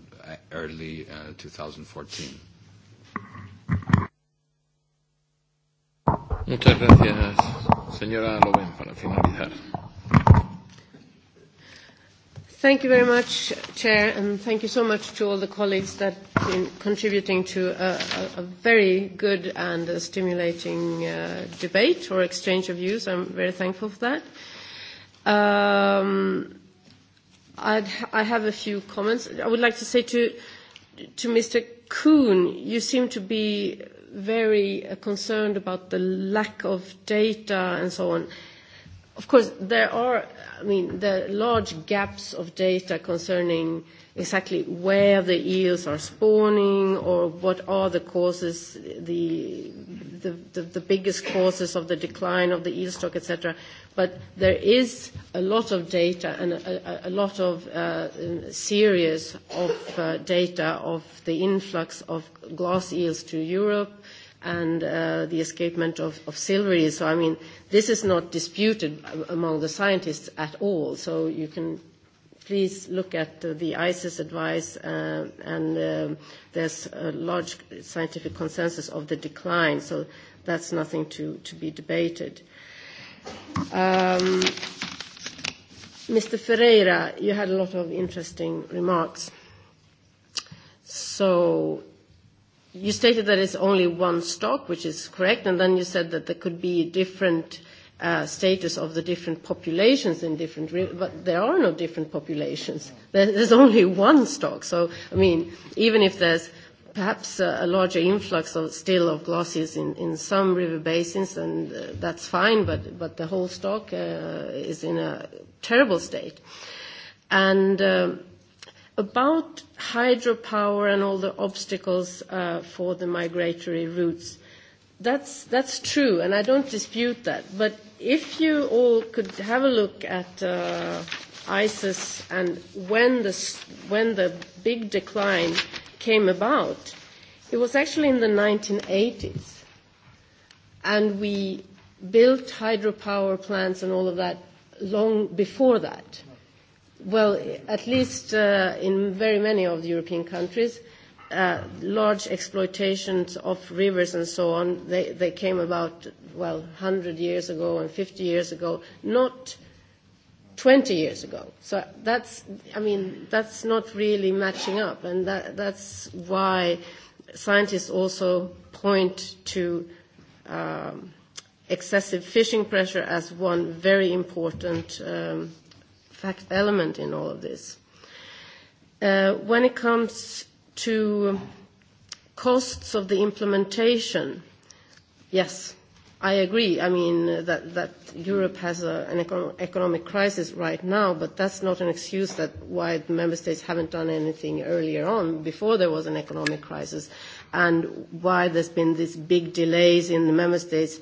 early uh, 2014. Muchas gracias, señora Loven, para finalizar. Thank you very much, Chair, and thank you so much to all the colleagues that have been contributing to a, a, a very good and a stimulating uh, debate or exchange of views. I'm very thankful for that. Um, I'd, I have a few comments. I would like to say to, to Mr. Kuhn, you seem to be very concerned about the lack of data and so on. Of course, there are I mean, the large gaps of data concerning exactly where the eels are spawning or what are the causes, the the the the biggest causes of the decline of the eel stock, et cetera. But there is a lot of data and a a lot of uh series of uh data of the influx of glass eels to Europe, and uh, the escapement of, of silvery. So, I mean, this is not disputed among the scientists at all. So, you can please look at uh, the ISIS advice, uh, and uh, there's a large scientific consensus of the decline. So, that's nothing to, to be debated. Um, Mr. Ferreira, you had a lot of interesting remarks. So, you stated that it's only one stock, which is correct, and then you said that there could be different uh, status of the different populations in different, re- but there are no different populations. There, there's only one stock. So, I mean, even if there's perhaps a, a larger influx of still of glossies in, in some river basins, and uh, that's fine, but, but the whole stock uh, is in a terrible state. And... Uh, About hydropower and all the obstacles uh, for the migratory routes, that's, that's true, and I don't dispute that. But if you all could have a look at uh, ISIS and when the, when the big decline came about, it was actually in the 1980s. And we built hydropower plants and all of that long before that. Right Well, at least uh, in very many of the European countries, uh, large exploitations of rivers and so on, they, they came about, well, 100 years ago and 50 years ago, not 20 years ago. So that's, I mean, that's not really matching up, and that, that's why scientists also point to um, excessive fishing pressure as one very important um, fact element in all of this. when it comes to costs of the implementation, yes, I agree. I mean, that, that Europe has a, an econ- economic crisis right now, but that's not an excuse that why the member states haven't done anything earlier on, before there was an economic crisis, and why there's been these big delays in the member states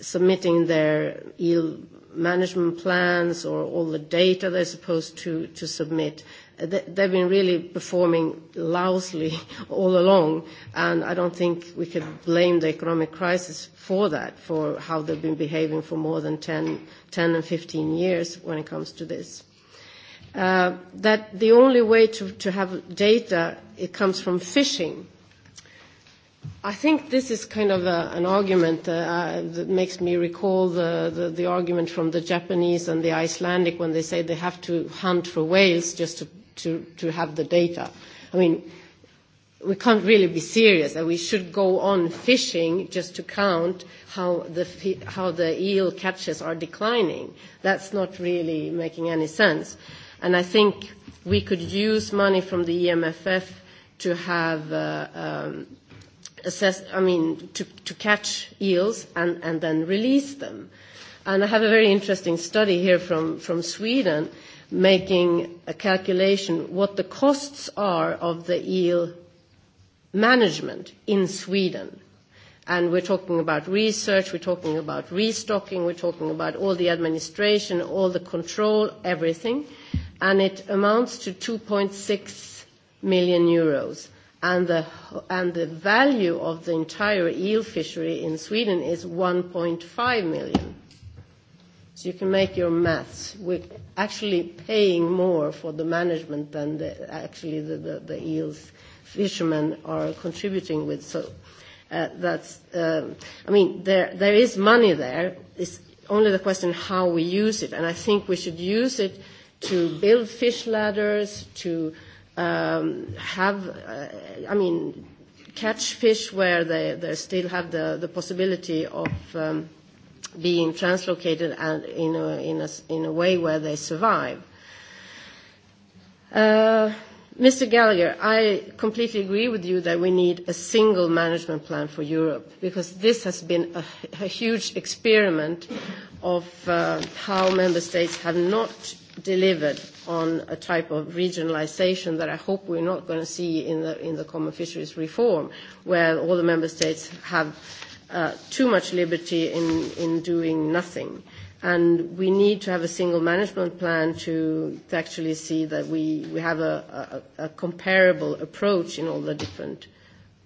submitting their EEL management plans or all the data they're supposed to, to submit. They've been really performing lousily all along, and I don't think we could blame the economic crisis for that, for how they've been behaving for more than 10, 10 and 15 years when it comes to this. Uh, that the only way to, to have data, it comes from phishing I think this is kind of a, an argument uh, uh, that makes me recall the, the, the argument from the Japanese and the Icelandic when they say they have to hunt for whales just to, to, to have the data. I mean, we can't really be serious that we should go on fishing just to count how the, how the eel catches are declining. That's not really making any sense. And I think we could use money from the EMFF to have. Uh, um, assess, I mean, to, to catch eels and, and then release them. And I have a very interesting study here from, from Sweden making a calculation what the costs are of the eel management in Sweden. And we're talking about research, we're talking about restocking, we're talking about all the administration, all the control, everything. And it amounts to 2.6 million euros and the, and the value of the entire eel fishery in Sweden is 1.5 million. So you can make your maths. We're actually paying more for the management than the, actually the, the, the eels fishermen are contributing with. So uh, that's, um, I mean, there, there is money there. It's only the question how we use it. And I think we should use it to build fish ladders, to uh, um, have, uh, I mean, catch fish where they, they still have the, the possibility of um, being translocated and in a, in, a, in a way where they survive. Uh, Mr. Gallagher, I completely agree with you that we need a single management plan for Europe because this has been a, a huge experiment of uh, how member states have not delivered on a type of regionalisation that I hope we're not going to see in the, in the common fisheries reform, where all the member states have uh, too much liberty in, in doing nothing. And we need to have a single management plan to, to actually see that we, we have a, a, a comparable approach in all the different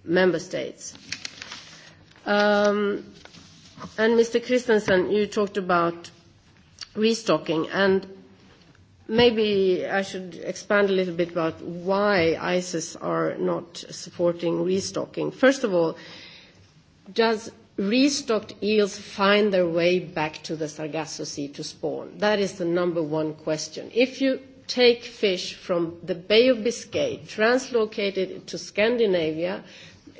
member states. Um, and Mr. Christensen, you talked about restocking. And Maybe I should expand a little bit about why ISIS are not supporting restocking. First of all, does restocked eels find their way back to the Sargasso Sea to spawn? That is the number one question. If you take fish from the Bay of Biscay, translocate it to Scandinavia,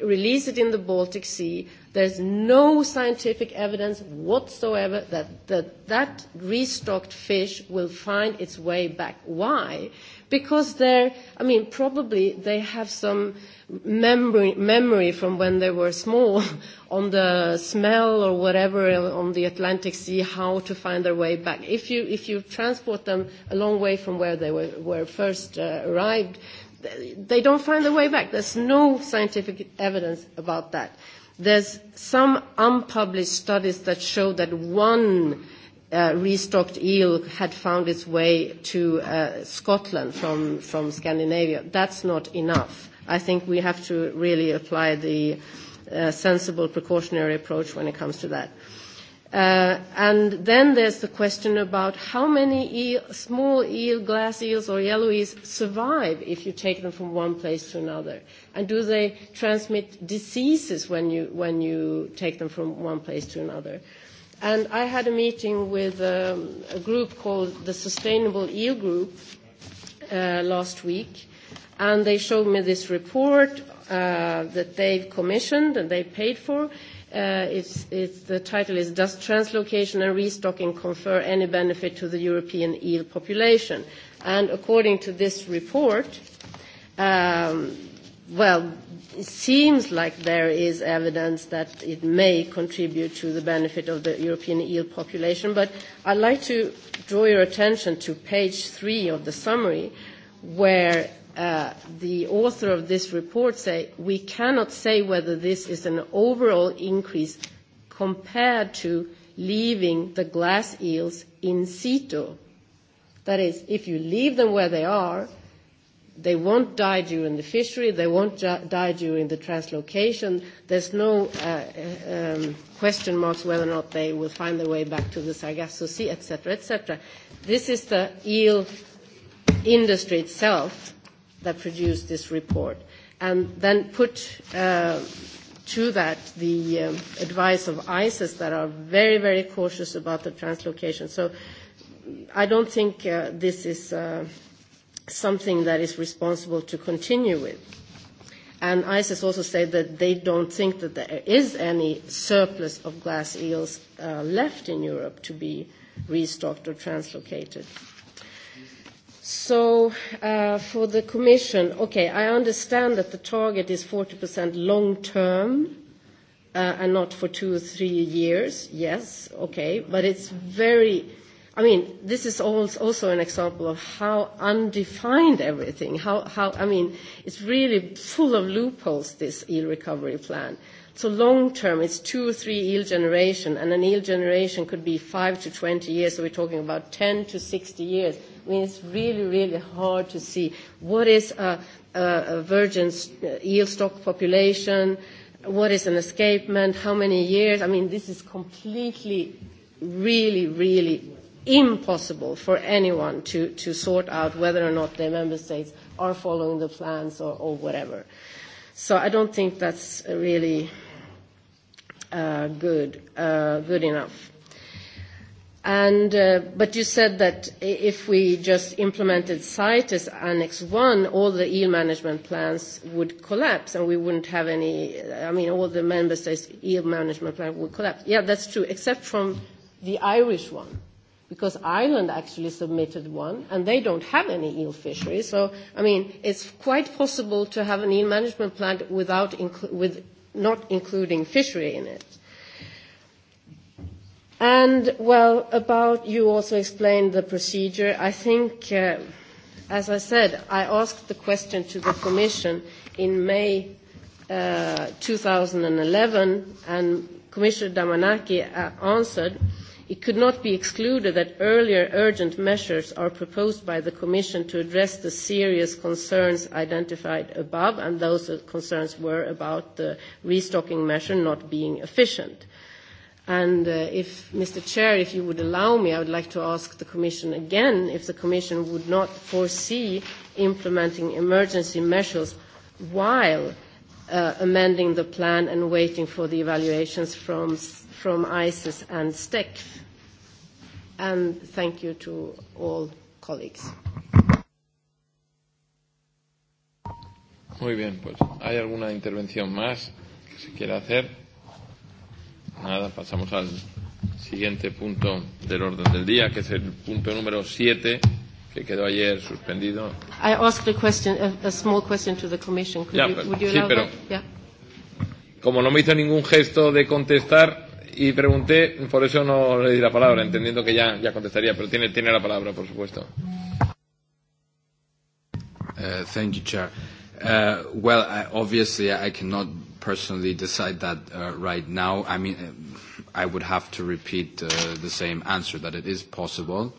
release it in the Baltic Sea. There's no scientific evidence whatsoever that, that that restocked fish will find its way back. Why? Because they're, I mean, probably they have some memory, memory from when they were small on the smell or whatever on the Atlantic Sea, how to find their way back. If you, if you transport them a long way from where they were, were first uh, arrived, they don't find their way back. There's no scientific evidence about that. There's some unpublished studies that show that one uh, restocked eel had found its way to uh, Scotland from, from Scandinavia. That's not enough. I think we have to really apply the uh, sensible precautionary approach when it comes to that. Uh, and then there's the question about how many eel, small eel, glass eels or yellow eels survive if you take them from one place to another? And do they transmit diseases when you, when you take them from one place to another? And I had a meeting with um, a group called the Sustainable Eel Group uh, last week, and they showed me this report uh, that they've commissioned and they paid for, it's, it's, the title is Does Translocation and Restocking Confer Any Benefit to the European Eel Population? And according to this report, um, well, it seems like there is evidence that it may contribute to the benefit of the European eel population, but I'd like to draw your attention to page three of the summary, where the author of this report say, we cannot say whether this is an overall increase compared to leaving the glass eels in situ. That is, if you leave them where they are, they won't die during the fishery, they won't die during the translocation. There's no uh, um, question marks whether or not they will find their way back to the Sargasso Sea, etc., etc. This is the eel industry itself that produced this report, and then put uh, to that the advice of ISIS that are very, very cautious about the translocation. So I don't think uh, this is uh, something that is responsible to continue with. And ISIS also said that they don't think that there is any surplus of glass eels uh, left in Europe to be restocked or translocated. So for the commission, okay, I understand that the target is 40% long term, and not for two or three years. Yes, okay. But it's very... I mean, this is also an example of how undefined everything, how, how... I mean, it's really full of loopholes, this eel recovery plan. So long term, it's two or three yield generation, and an yield generation could be five to 20 years, so we're talking about 10 to 60 years mean it's really, really hard to see what is a, a, a virgin eel stock population, what is an escapement, how many years. I mean, this is completely, really, really impossible for anyone to, to sort out whether or not their member states are following the plans or, or whatever. So I don't think that's really uh, good, uh, good enough. And, uh, but you said that if we just implemented CITES Annex 1, all the eel management plans would collapse and we wouldn't have any, I mean, all the member states' eel management plan would collapse. Yeah, that's true, except from the Irish one, because Ireland actually submitted one and they don't have any eel fisheries. So, I mean, it's quite possible to have an eel management plan without, inclu- with not including fishery in it. And, well, about you also explained the procedure. I think, uh, as I said, I asked the question to the Commission in May uh, 2011, and Commissioner Damanaki uh, answered, it could not be excluded that earlier urgent measures are proposed by the Commission to address the serious concerns identified above, and those concerns were about the restocking measure not being efficient. And uh, if, Mr. Chair, if you would allow me, I would like to ask the Commission again if the Commission would not foresee implementing emergency measures while uh, amending the plan and waiting for the evaluations from, from ISIS and STECF. And thank you to all colleagues. Muy bien, pues hay alguna intervención más que se quiera hacer. Nada, pasamos al siguiente punto del orden del día, que es el punto número 7, que quedó ayer suspendido. I asked a question, a, a small question to the Commission. Could ya, you, would you sí, pero that? Yeah. como no me hizo ningún gesto de contestar y pregunté, por eso no le di la palabra, entendiendo que ya, ya contestaría, pero tiene, tiene la palabra, por supuesto. Uh, thank you, Chair. Uh, well, I, obviously, I cannot personally decide that uh, right now. I mean, I would have to repeat uh, the same answer that it is possible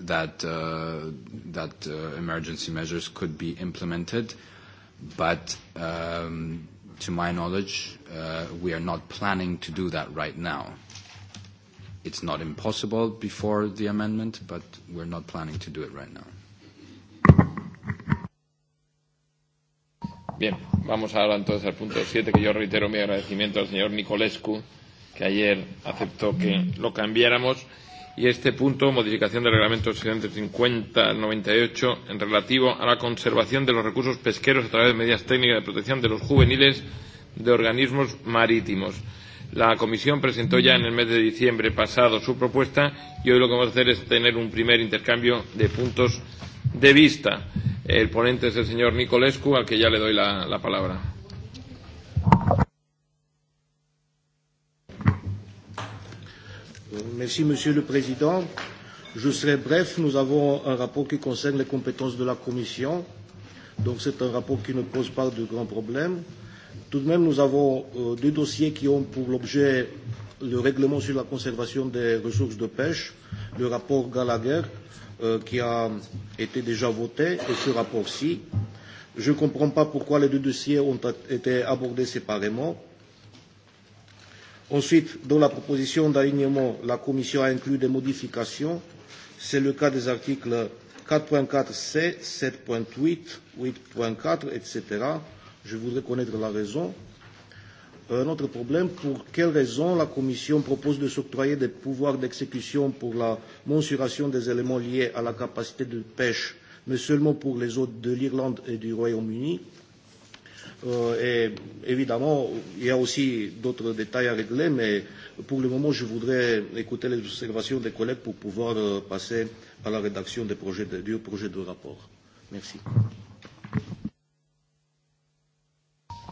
that uh, that uh, emergency measures could be implemented, but um, to my knowledge, uh, we are not planning to do that right now. It's not impossible before the amendment, but we're not planning to do it right now. Bien, vamos ahora entonces al punto 7, que yo reitero mi agradecimiento al señor Nicolescu, que ayer aceptó que lo cambiáramos. Y este punto, modificación del reglamento 750-98, en relativo a la conservación de los recursos pesqueros a través de medidas técnicas de protección de los juveniles de organismos marítimos. La Comisión presentó ya en el mes de diciembre pasado su propuesta y hoy lo que vamos a hacer es tener un primer intercambio de puntos de vista. El ponente es el señor Nicolescu, al que ya le doy la, la palabra. Merci, Monsieur le Président. Je serai bref. Nous avons un rapport qui concerne les compétences de la Commission. Donc c'est un rapport qui ne pose pas de grands problèmes. Tout de même, nous avons euh, deux dossiers qui ont pour l'objet le règlement sur la conservation des ressources de pêche, le rapport Gallagher, qui a été déjà voté et ce rapport-ci. Je ne comprends pas pourquoi les deux dossiers ont été abordés séparément. Ensuite, dans la proposition d'alignement, la Commission a inclus des modifications. C'est le cas des articles 4.4c, 7.8, 8.4, etc. Je voudrais connaître la raison. Euh, un autre problème, pour quelles raisons la Commission propose de s'octroyer des pouvoirs d'exécution pour la mensuration des éléments liés à la capacité de pêche, mais seulement pour les eaux de l'Irlande et du Royaume-Uni et évidemment, il y a aussi d'autres détails à régler, mais pour le moment, je voudrais écouter les observations des collègues pour pouvoir passer à la rédaction des projets de, du projet de rapport. Merci.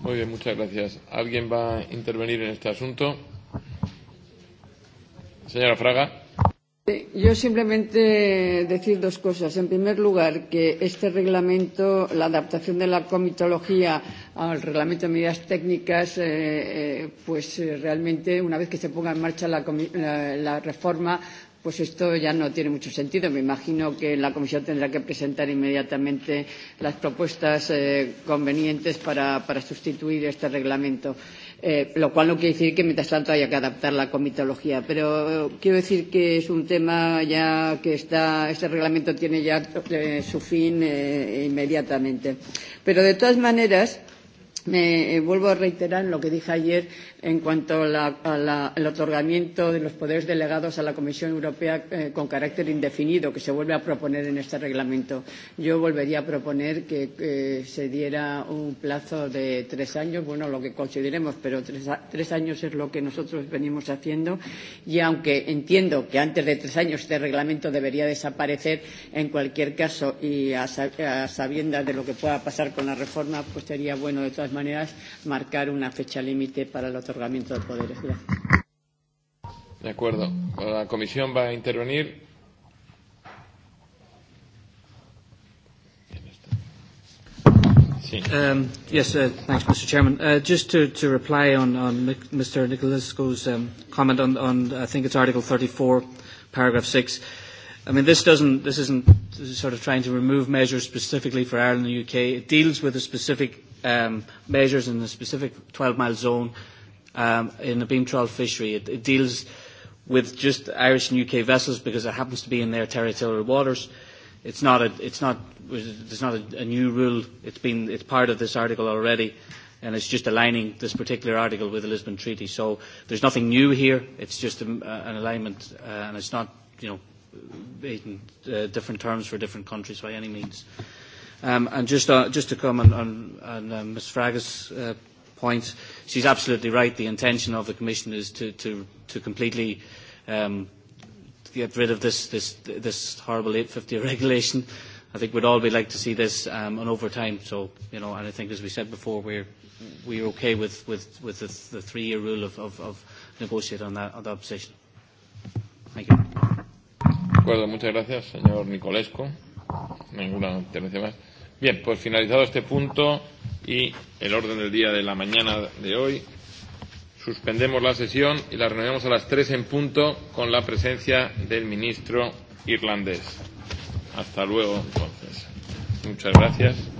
Muy bien, muchas gracias. ¿Alguien va a intervenir en este asunto? Señora Fraga. Yo simplemente decir dos cosas. En primer lugar, que este reglamento, la adaptación de la comitología al reglamento de medidas técnicas, eh, eh, pues eh, realmente una vez que se ponga en marcha la, la, la reforma pues esto ya no tiene mucho sentido. Me imagino que la Comisión tendrá que presentar inmediatamente las propuestas eh, convenientes para, para sustituir este reglamento. Eh, lo cual no quiere decir que mientras tanto haya que adaptar la comitología, pero quiero decir que es un tema ya que está, este reglamento tiene ya eh, su fin eh, inmediatamente. Pero de todas maneras, Me eh, vuelvo a reiterar lo que dije ayer en cuanto al otorgamiento de los poderes delegados a la Comisión Europea eh, con carácter indefinido que se vuelve a proponer en este reglamento. Yo volvería a proponer que eh, se diera un plazo de tres años, bueno, lo que consideremos, pero tres, tres años es lo que nosotros venimos haciendo y aunque entiendo que antes de tres años este reglamento debería desaparecer, en cualquier caso y a, a sabiendas de lo que pueda pasar con la reforma, pues sería bueno de todas maneras maneras, marcar una fecha límite para el otorgamiento de poderes. Gracias. De acuerdo. La comisión va a intervenir. Um, yes, uh, thanks, Mr. Chairman. Uh, just to, to reply on, on Mr. Nicolisco's um, comment on, on, I think it's Article 34, Paragraph 6. I mean, this doesn't, this isn't sort of trying to remove measures specifically for Ireland and the UK. It deals with a specific um, measures in a specific 12-mile zone um, in the beam trawl fishery. It, it deals with just Irish and UK vessels because it happens to be in their territorial waters. It's not a, it's not, it's not a, a new rule. It's been, it's part of this article already, and it's just aligning this particular article with the Lisbon Treaty. So there's nothing new here. It's just a, an alignment, uh, and it's not, you know, in uh, different terms for different countries by any means. Uh, Um, and just, uh, just to comment on, on uh, Ms. Fraga's uh, point, she's absolutely right. The intention of the Commission is to, to, to completely um, get rid of this, this, this horrible 850 regulation. I think we'd all be like to see this um, on overtime. So, you know, and I think as we said before, we're, we're okay with, with, with the, the three-year rule of, of, of negotiating on that, on that position. Thank you. Well, muchas gracias, señor Nicolescu. Ninguna intervención más. Bien, pues finalizado este punto y el orden del día de la mañana de hoy, suspendemos la sesión y la reunimos a las tres en punto con la presencia del ministro irlandés. Hasta luego, entonces. Muchas gracias.